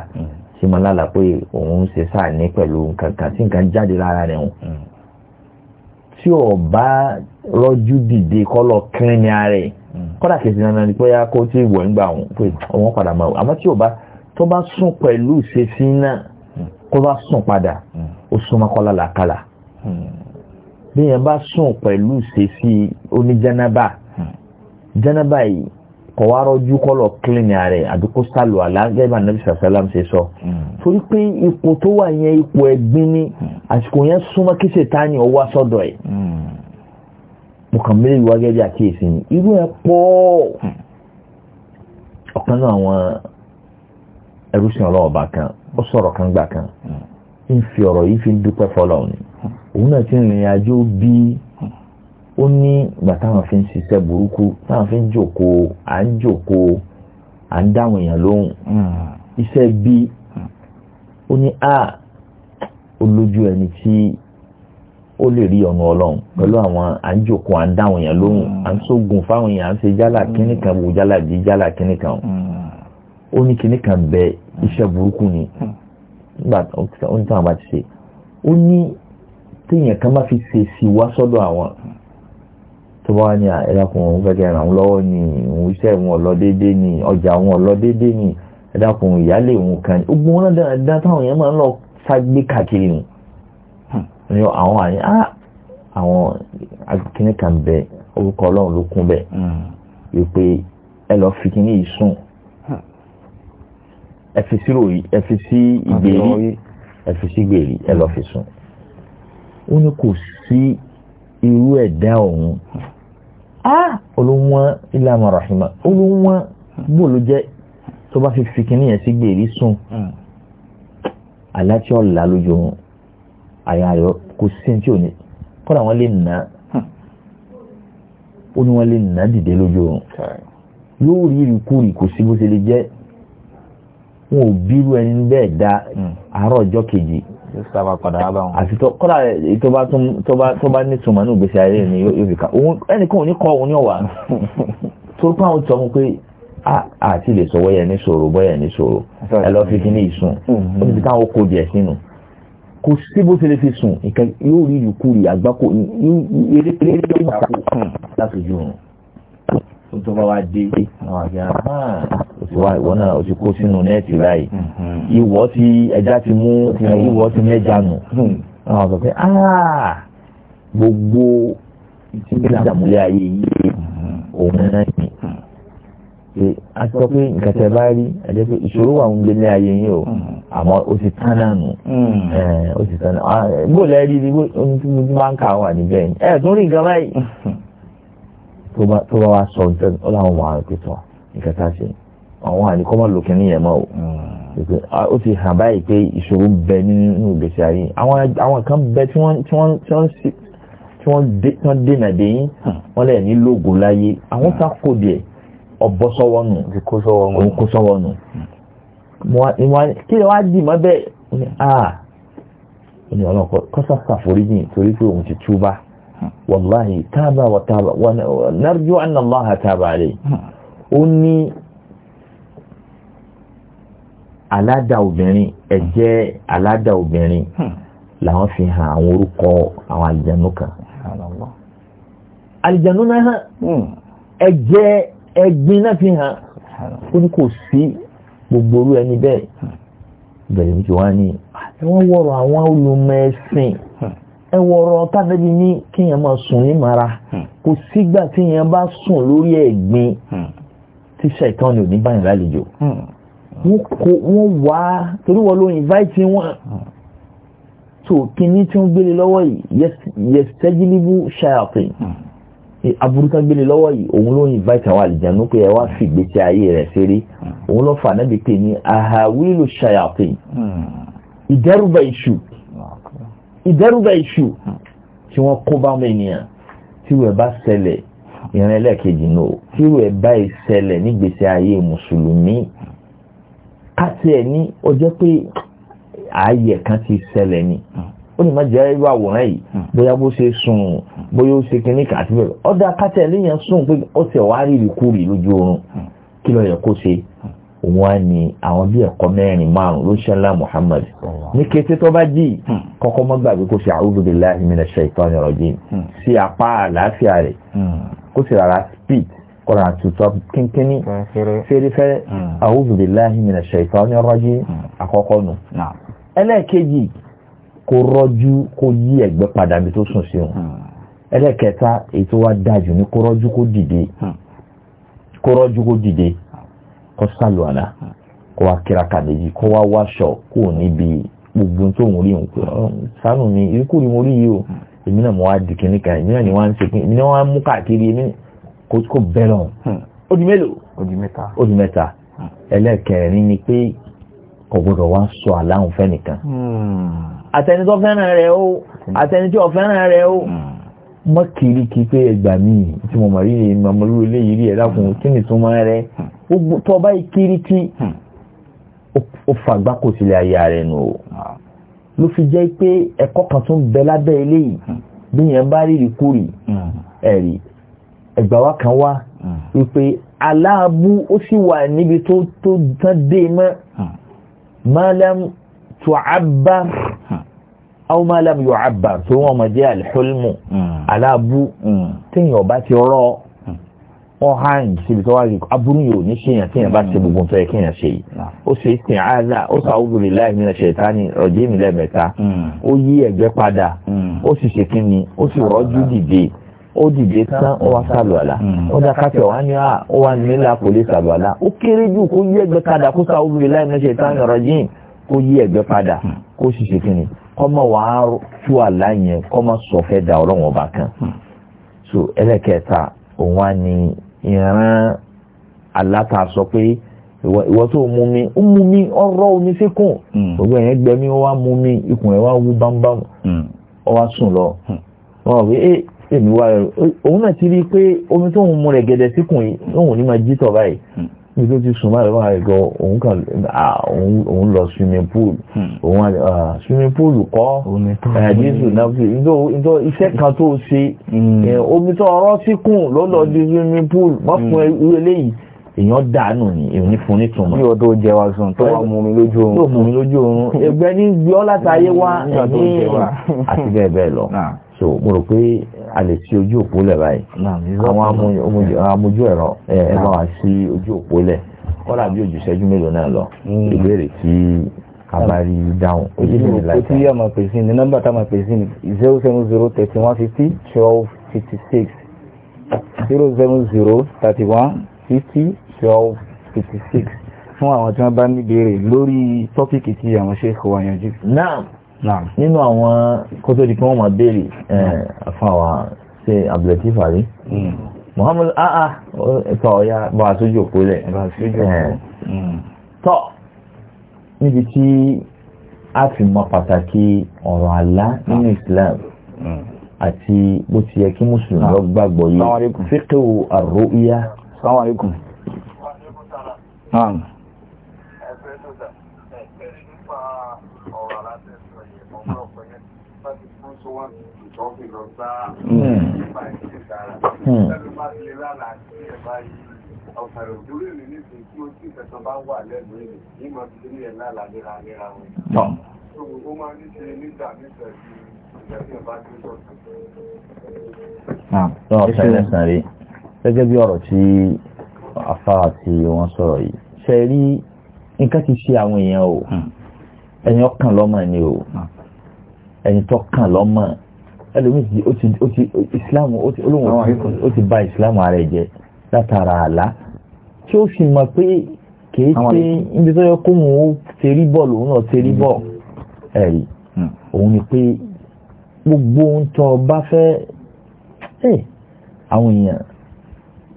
sí mo lálà pé òun ṣe sáàní pẹ̀lú nǹkan kan tí nǹkan jáde lára rẹ̀ hùn hmm. tí ò bá rọ́jú dìde kọ́lọ̀ kírin ní ara ẹ̀ hmm. kọ́dà kìí sinana ni pé kó tí ìwọ̀ ń gbà wọn pé wọ́n padà máa àmọ́ tí ò bá tó bá sùn pẹ̀lú ìṣesí náà hmm. kó bá sùn padà ó súnmọ́ kọ́lá làkàlà bí yẹn bá sùn pẹ̀lú ìṣesí oníjẹ́nàbà jẹ́nàbà yìí kọ̀wárọ̀ ojú kọ́lọ̀ clean rẹ̀ àbí kó sálù àlá gẹ́gbà nàbí sàlám ṣe sọ. Hmm. torí pé ipò tó wà yẹn ipò ẹ̀gbin ni hmm. àsìkò yẹn súnmọ́ kí ṣètánì ọwọ́ sọ́dọ̀ ẹ̀. Hmm. mo kàn mílẹ̀ ìwà gẹ́gẹ́ bí àkíyèsí ni irú ẹ̀ pọ̀ ọ̀kan náà àwọn ẹrú sí ọlọ́ọ̀bà kan ó sọ̀rọ̀ kan gbà kan ń fi ọ̀rọ̀ yìí fi dúpẹ́ fọlọ́ọ̀ òun náà ti rìnrìn àjò bíi ó ní ìgbà táwọn fi ń ṣiṣẹ́ burúkú táwọn fi ń jòkóo à ń jòkóo à ń dáwọn èèyàn lóhùn hmm, iṣẹ́ bí hmm. ó ní a olójú ẹni tí ó lè rí ọ̀nà ọlọ́run pẹ̀lú àwọn à ń jòkóo à ń dáwọn èèyàn lóhùn hmm. à ń sógun fáwọn èèyàn à ń ṣe jálà kínní wò jálà bí jálà kínní ó ní kínní bẹ iṣẹ́ burúkú ni nígbà ó ní táwọn bá ti ṣe ó ní téèyàn kan bá fi ṣe sí wá sọ́dọ̀ àwọn tó bá ní ẹ̀dàkùn òun fẹ́ kẹ́ ràn lọ́wọ́ ni òun iṣẹ́ òun ọ̀lọ́ déédéé ni ọjà òun ọ̀lọ́ déédéé ni ẹ̀dàkùn ìyálé òun kan ní gbogbo wọn náà dáadáa táwọn èèyàn máa ń lọ ságbé káàkiri ni ni àwọn àyè á àwọn akíní kan bẹ orúkọ ọlọ́run ló kún bẹ hmm. wípé ẹ lọ fi kíní yìí sùn hmm. ẹ fi sí ròyìn ẹ fi sí ìgbèrí hmm. ẹ fi sí ìgbèrí ẹ lọ fi sùn ó ní kò sí irú ẹ̀dá òun. ah olumwa ila marahima olumwa bolu je to ba fi fikini yen si gbe ri sun ala ti o ko si ti oni ko da won le na onu won le na dide lojo yo ri ri ku ri ko si bo se le je won o biru en be da keji àtìtọ́ kọ́lá tó bá ní túnmọ̀ ní ìgbésí ayé ni yóò fi ká ẹnìkan òní kọ́ òní ọ̀wà tó pọ́n àwọn tọ́mú pé àti lè sọ wọ́yẹ̀ ní ṣòro bọ́yẹ̀ ní ṣòro ẹ lọ fi kíní ìsùn ó ti fi káwọn kó jẹ sínú kò sí bó ṣe lè fi sùn ìkan yóò rí ìrìkúrì àgbákò ní eré pẹ̀lú ìgbà láti jù tó bá wa dé àwọn àgbà ìwà ìwọ náà o ti kó sínú nẹ́ẹ̀tì báyìí mm-hmm. ìwọ ti ẹja ti mú ìwọ ti mẹ́ja nù àwọn hmm. sọ pé gbogbo ìdàmúlẹ̀ ayé yìí mm-hmm. òun náà ni hmm. a sọ pé nǹkan tẹ bá rí ẹjẹ pé ìṣòro wà ń gbélé ayé yìí o hmm. àmọ́ o ti tán náà nù o ti tán náà ah, bó lẹ́ẹ̀rí ni bó ohun máa ń kà wà níbẹ̀ ẹ̀ tó rí nǹkan báyìí tó bá wá sọ nǹkan ó láwọn wà á pè tán nǹkan tá a ṣe àwọn àní kọ́ máa lò kínní yẹn mọ́ o hmm. ó ti hàn báyìí pé ìṣòro bẹ nínú ìgbésí ayé àwọn kan bẹ tí wọ́n tí wọ́n tí wọ́n sì tí wọ́n dènà dé yín hmm. wọ́n lẹ̀ ní lógo láyé àwọn kan hmm. kò díẹ̀ ọ̀bọ sọ́wọ́ nù òun kó sọ́wọ́ nù kí ló wá dì mọ́ bẹ́ẹ̀ ó ní kọ́sà ah. ṣàforíjì torí pé òun ti túbà wàláhì tábà wà tábà narjú anna Allaha tábà rẹ̀ ó ní aládà obìnrin ẹ̀jẹ̀ aládà obìnrin làwọn fi hàn àwọn orúkọ àwọn àlìjànú kan àlìjànú náà hàn hmm. ẹ̀jẹ̀ ẹ̀gbin náà fi hàn ó ní kò sí gbogbo orú ẹni bẹ́ẹ̀ hmm. bẹ̀rẹ̀ níjọ wá ní ah, wọ́n wọ̀rọ̀ àwọn olùmọ̀ ẹ̀sìn hmm ẹwọ̀rọ̀ tábẹ́bí ní kíyàn máa sùn ní mara hmm. kò sígbà tíyàn bá sùn lórí ẹ̀gbin hmm. tí ṣẹ̀tàn ni ò ní báyìí lálejò hmm. wọ́n wá torí wọ́n ló invite wọn so kíní tí wọ́n gbélé lọ́wọ́ yìí yẹ̀sẹ́jìlíbú ṣayàpín aburuka gbélé lọ́wọ́ yìí òun ló invite àwọn àlìjánu pé ẹ wá fi ìgbésí ayé rẹ̀ ṣeré òun ló fà náà bí pé ní ahawilu ṣayàpín ìdẹ́rùbà ìṣù ìdẹ́rùbà ìṣù tí wọ́n kó bá mẹ́nìyàn tí wọ́n bá ṣẹlẹ̀ ìran ẹlẹ́ẹ̀kejì náà tí wọ́n bá ìṣẹlẹ̀ nígbèsè ayé mùsùlùmí kásì ẹ̀ ní ọjọ́ pé ààyè kan ti ṣẹlẹ̀ ni ó ní má jẹ́ irú àwòrán yìí bóyá bó ṣe sùn bóyá ó ṣe kíní kàtí bẹ̀rẹ̀ ọ̀dà kásì ẹ̀ léèyàn sùn pé ó ṣẹ̀ wá rí ìrìkúrì lójú oorun kí ló yẹ kó ṣe òun á ní àwọn bí ẹ̀kọ́ mẹ́rin márùn ló ṣẹlá Muhammad ní kété tó bá jí hmm. kọ́kọ́ mọ́ gbàgbé kó ṣe a'udhu billahi minash shaitanir rajim sí hmm. apá àlàáfíà rẹ̀ hmm. kó sì rárá speed kọ́ra àtúntọ́ kínkínní fẹ́rẹ́fẹ́ a'udhu billahi minash shaitanir rajim àkọ́kọ́ nù. ẹlẹ́ẹ̀kejì kó rọ́jú kó yí ẹ̀gbẹ́ padà bí tó sùn sí wọn ẹlẹ́ẹ̀kẹta èyí tó wá dájú ní kó rọ́jú kó dìde kó rọ́jú kó dìde kó sàlù àná kó wá kíráka méjì kó wá wáṣọ kó níbi gbogbo tó ń rí òun pé sánú mi ikú rí mo rí yìí o èmi náà mo wá di kíní kan èmi náà ni wọ́n ń ṣe pé èmi náà wọ́n á mú káàkiri èmi kó bẹ́ẹ̀ lọ. Hmm. ó di mélòó. ó di mẹ́ta. ó di mẹ́ta. Hmm. ẹlẹ́kẹ̀rin ni pé kò gbọdọ̀ wá sọ àláhùn fẹ́ nìkan. Hmm. àtẹnitọ́ fẹ́ràn rẹ̀ o àtẹnitọ́ fẹ́ràn rẹ̀ o mọ́ kiri kí pé ẹgbà mi tí mo mọ̀ rí ni màmúlú ilé yìí rí ẹ̀ dákun hmm. kí ni tún máa rẹ hmm. tó ọba yìí kiri kí hmm. ó fàgbá kò sílẹ̀ ayé rẹ̀ nù o ló fi jẹ́ pé ẹ̀kọ́ kan tún bẹ lábẹ́ ilé yìí bí yẹn bá rírì kúrì ẹ̀rí ẹgbà wa kan wá wípé aláàbù ó sì wà níbi tó tó tán dé mọ́ máa tó àbá aw ma lam yu'abbar tó wọn mọ̀ jẹ́ alḥulmu hmm. aláàbù hmm. téèyàn ọba ti rọ́ hmm. wọ́n hàn síbi tó wá rí aburú yóò ní ṣèyàn téèyàn bá ṣe gbogbo nǹkan kéèyàn ṣe yìí ó ṣe isti'aza ó sọ a'udhu billahi minash shaitani rajim lẹ́ẹ̀mẹ́ta ó yí ẹ̀gbẹ́ padà ó sì ṣe kínni ó sì rọ́jú dìde ó dìde tán ó wá sàlùwàlà ó dá káfíà wá ní à ah, ó wá nílà kò lè sàlùwàlà ó kéré jù kó yí ẹ̀gbẹ́ padà kó sàwùrù láì mẹsẹ ìtàn ọ̀rọ̀ yìí kó yí kọ́mọ wàá tú àlá yẹn kọ́mọ sọ fẹ́ da ọlọ́wọ́n ọba kan hmm. so ẹlẹ́kẹta òun wá ní ìran aláta sọ pé ìwọ tó mú mi ó mú mi ọ̀rọ̀ omi síkùn hmm. gbogbo ẹ̀yẹn gbẹmí ó wá mú mi ikùn ẹ̀ wá wú bámbám hmm. ó wá sùn lọ wọn wí ẹ èmi wá rẹ òun náà ti rí i pé omi tó ń mú rẹ̀ gẹ̀dẹ̀ síkùn yìí òun ní máa jí tọ̀ báyìí ní tó ti sùn máa lọ́wọ́ àìgọ́ òun kàn òun lọ swimming pool hmm. òun swimming pool kọ́ jésù náà ìjọ iṣẹ́ kan tó ṣe hmm. omi tó ọ̀rọ̀ síkùn ló lọ hmm. di swimming pool wọ́n fún irú eléyìí èèyàn dànù ni èèyàn ní fún nítumọ̀. bí ọdún jẹ wa sùn tó wà mú mi lójú oorun. tó mú mi lójú oorun ẹgbẹ́ ní gbọ́ látàyé wá ẹ̀mí àti bẹ́ẹ̀ bẹ́ẹ̀ lọ so mo rò pé a lè ṣí ojú òpó lẹ̀ báyìí àwọn amójú ẹ̀rọ ẹ bá wa ṣí ojú òpó lẹ̀ kọ́lá bí ojú ìṣẹ́jú mélòó náà lọ hmm. ìbéèrè tí abari dáhùn ó sì ní láìpẹ́. ó ti yá máa pèsè ní nọ́mbà tá máa pèsè ní zero seven zero thirty one fifty twelve fifty six zero seven zero thirty one fifty twelve fifty six fún àwọn tí wọ́n bá ní ìbéèrè lórí tọ́pìkì tí àwọn ṣe kò wáyanjú. náà nínú àwọn kótó di kí wọ́n máa béèrè àfàwà ṣe àbùlẹ̀tì fàrí hmm. muhammadu aa ah, ah, tọ ya bá a sójú òpó lẹ̀ hmm. tọ níbi tí a fi mọ pàtàkì ọ̀rọ̀ àlá nínú islam hmm. àti bó ti yẹ kí mùsùlùmí lọ gbàgbọ́ yìí fíkẹ́wò àrò Hmm. Hmm. Gẹ́gẹ́ bí ọ̀rọ̀ tí afáà tí wọ́n sọ̀rọ̀ yìí, ṣe rí nǹkan ti ṣe àwọn èèyàn o, hmm. ẹni ọkàn lọ́mọ ni o, ẹni tó kàn lọ́mọ ẹlòmíì ti ó ti islam ó ti olóhùn ó ti bà islam ara ẹ̀ jẹ́ látara àlá tí ó sì mọ̀ pé kìí ṣe ibi tó yẹ kó mu ó ṣerí bọ̀ lòun náà ṣerí bọ̀ mm. ẹ̀rí mm. òun ni pé gbogbo ohun tó o bá fẹ́ ẹ̀ àwọn èèyàn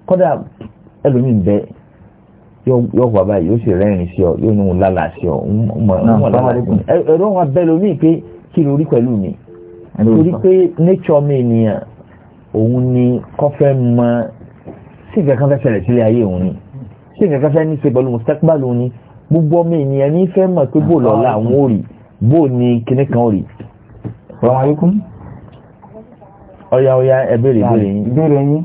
kódà ẹlòmíì bẹ́ẹ̀ yóò wà báyìí yóò sì rẹ́rìn sí ọ yóò ní òun lálàá sí ọ ẹ̀rọ wọn bẹ́ẹ̀ lómi pé kí lórí pẹ̀lú mi torí pé nature mi nìyẹn òun ni kọ́fẹ́ mọ sí nǹkan kan fẹ́ ṣẹlẹ̀ ayé òun ni sí nǹkan kan ní ṣe pẹ̀lú mustaqbal òun ni gbogbo ọmọ ènìyàn ní fẹ́ mọ̀ pé bó lọ́la àwọn ò rí bó ni kinní kan ò rí. salamu alaikum. ọ̀ya ọ̀ya ìbéèrè yín. ìbéèrè yín.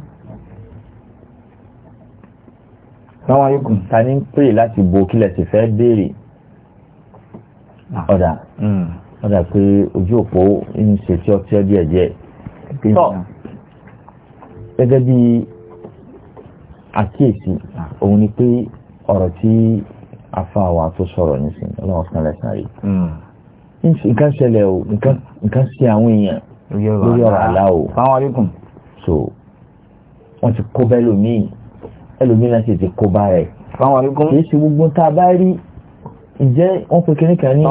salamu ta ni ń pè láti bo kílẹ̀ sì fẹ́ béèrè. Ah. ọ̀dà. Hmm wọ́n dà pé ojú òpó ń ṣe tí ọtí ọdí ẹ̀jẹ̀ tọ́ gẹ́gẹ́ bí àkíyèsí òun ni pé ọ̀rọ̀ tí afáwa tó sọ̀rọ̀ nísìn ọlọ́wọ́n fún ẹlẹ́sìn hmm. rí nǹkan ṣẹlẹ̀ o nǹkan ṣe àwọn èèyàn lórí ọ̀rọ̀ àlá o fáwọn aríkùn so wọ́n ti kó bẹ́ẹ̀ lómii ẹlòmíì náà sì ti kó bá rẹ̀ fáwọn aríkùn kì í ṣe gbogbo tá a bá rí ìjẹ́ wọ́n pe kíníkà ní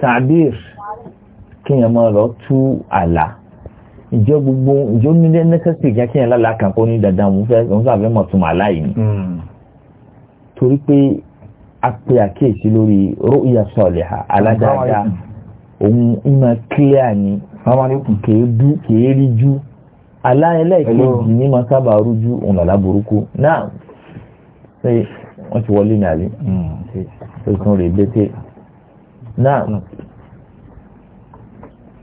tàbír kíyàn máa lọ tú àlá ìjọ gbogbo ìjọ nílé nẹ́kẹ́sì ìjà kíyàn lálàá kan kó ní dandan òun fẹ́ òun fàfẹ́ mọ̀ tún àlá yìí hmm. torí pé a pe àkíyèsí lórí ru'ya saliha aládáadáa òun ìmọ̀ kílíà ni kèé dú kèé rí jú àlá ẹlẹ́ẹ̀kejì ní ma sábà rújú òun làlá burúkú náà ṣe wọ́n ti wọlé ní àlè ṣe tún rè bété náà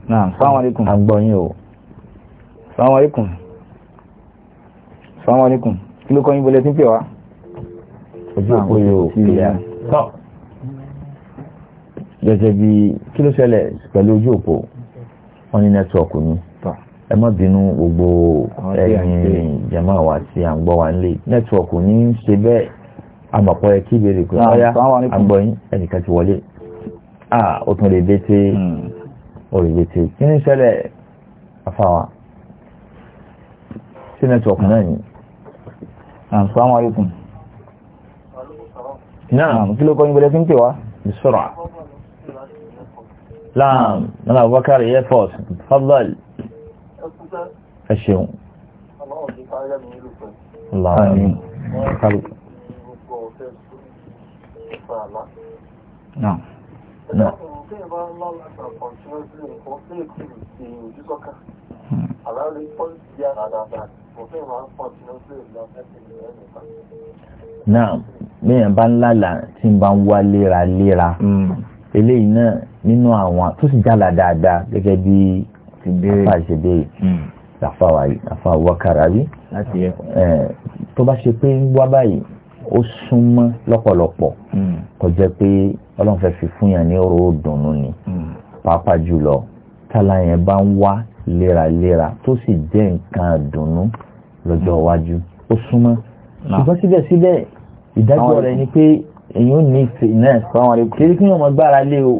náà sáwọn alékùn àgbọ̀yìn o sáwọn alékùn sáwọn alékùn kí ló kọ́ yín bọ́lẹ̀ tí ń pè wá ojú òpó yóò kílẹ̀ tọ́ gẹ́gẹ́ bí kí ló ṣẹlẹ̀ pẹ̀lú ojú òpó wọn ní nẹ́tíwọ̀kù ni ẹ má bínú gbogbo ẹ̀yin jẹ̀mọ́ wa tí à ń gbọ́ wa nílé nẹ́tíwọ̀kù ní ṣe bẹ́ẹ̀ amọ̀pọ̀ ẹ kí ìbéèrè pé ah ó tún rèbété hmm. ó rèbété kí ni ṣẹlẹ̀ afáwa sí nẹ́tíwọ̀kì náà ni ah, assalamu alaikum náà kí ló kọ́ yín bẹ̀rẹ̀ fi ń pè wá bisura láàm náà Abubakar airport fadal ẹ ṣeun. Allah amin. Nah náà. náà bẹ́ẹ̀ bá ń lálà tí ń bá ń wá léraléra hmm. eléyìí náà nínú àwọn tó sì jàlá dáadáa gẹ́gẹ́ bí àfàṣẹ́bẹ̀ àfàwáyé àfàwọ́kàrà rí tó bá ṣe pé ń wá báyìí ó súnmọ́ lọ́pọ̀lọpọ̀ hmm. kò jẹ́ pé ọlọ́run fẹ́ fi fún yàn ní ọ̀rọ̀ òdùnnú ni hmm. pàápàá jùlọ tálá yẹn bá ń wá léraléra tó sì jẹ́ nǹkan àdùnnú lọ́jọ́ iwájú ó súnmọ́ ṣùgbọ́n síbẹ̀síbẹ̀ ìdájọ́ rẹ̀ ni pé èyàn ò ní ìfẹ́ náà sọ́wọ́n rẹ̀ kí ni ọmọ gbára lé o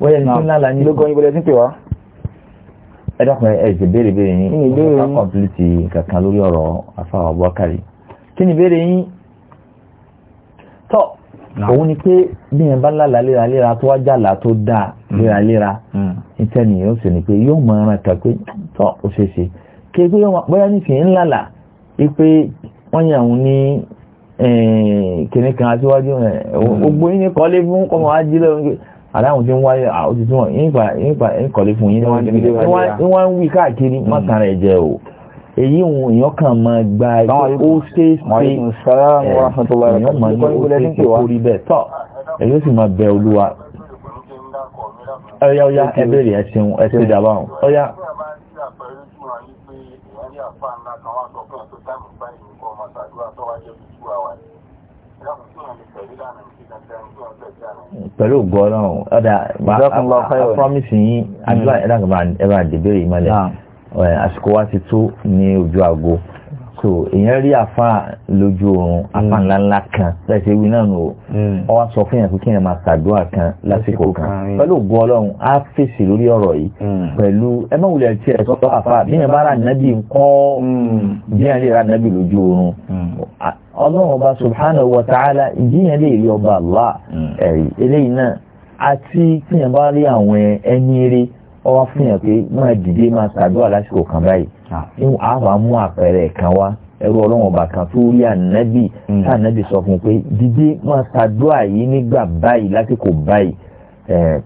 wọ́n yẹ kí ńlá la ní. lóko ìbúlẹ̀ sí pè wá ẹ dákun ẹ ṣe béèrè béèrè yín ká kọ̀ǹpìlìtì kankan lórí ọ̀rọ̀ afáwọn Abubakar kí ni béèrè yín tọ́ òun ni pé bí yẹn bá lálà léraléra tó wá jàlá tó dáa mm. léraléra mm. ìtẹ́nìyàn ó sì ni pé yóò mọ ẹran kan pé tọ́ ó ṣe é ṣe kí pé bóyá nísìnyí ń lálà pé wọ́n yàn òun ní kìnní kan aṣíwájú rẹ̀ mm. gbogbo yín ní kọ́lé fún kọ́mọ ajílẹ̀ oúnjẹ àdáhùn tí ń wáyé àwọn tuntun wọn ìkọ̀lé fún yín ni wọ́n ń wí káàkiri mọ́tàn rẹ̀ jẹ́ o èyí òun èèyàn kan máa gba ó ṣe é ṣe èèyàn máa ní ṣe é kórí bẹ́ẹ̀ tọ́ èyí ó sì máa bẹ olúwa ọ̀yá ọ̀yá ẹ bèrè ẹ ṣeun ẹ ṣe dàbà ọ̀hún ọ̀yá. pẹ̀lú ògbọ́n náà ọ̀dà I promise yín àdúrà ẹ̀dá kan dìbèrè ìmọ̀lẹ̀ àsìkò wa ti tó ní ojú aago so èèyàn rí àfa lójú oorun àfa mm. ńláńlá kan lẹ́sẹ̀ wí náà nù mm. ó wá sọ fún yàn pé kí yàn máa ṣàdúrà kan lásìkò kan pẹ̀lú ògo ọlọ́run á fèsì lórí ọ̀rọ̀ yìí mm. pẹ̀lú ẹ má wulẹ̀ tiẹ̀ sọ́tọ̀ àfa bí yàn bá ra nàbì ńkọ́ bí yàn lè ra nàbì lójú oorun ọlọ́run ọba subhanahu wa ta'ala ìjìyàn lè rí ọba Allah ẹ̀rí eléyìí náà àti kí yàn bá rí àwọn ẹni rí ọwọ́ fún yàn pé máa dìde máa ṣàdúrà lásìkò kan báyìí àwọn ah. amú àpẹẹrẹ kan wá ẹrú ọlọ́run ọba kan tó rí ànábì hmm. ànábì sọ fún un pé dìde máa ṣàdúrà yìí nígbà báyìí lásìkò báyìí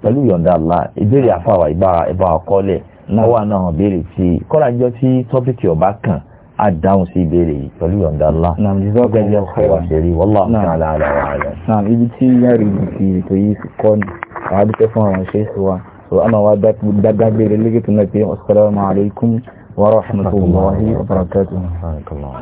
pẹ̀lú ìyọ̀ǹda Allah ìbéèrè àfàwà ìbá ọkọ́lẹ̀ lọ́wọ́ hmm. náà béèrè tí kọ́lá jọ tí tọ́pìkì ọba kan á dáhùn sí ìbéèrè yìí pẹ̀lú ìyọ̀ǹda Allah gbẹ́jẹ́ ọ̀fẹ́wà ṣeré wallahu ta'ala a'lam. ibi tí yàrá ìbùkún ètò yìí kọ́ ni àwọn adúpẹ́ fún àwọn ṣẹ́ẹ̀sì wa وأنا وادات مدقاقلي للقيت النبي والسلام عليكم ورحمة الله وبركاته سبحانك الله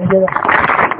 Thank you.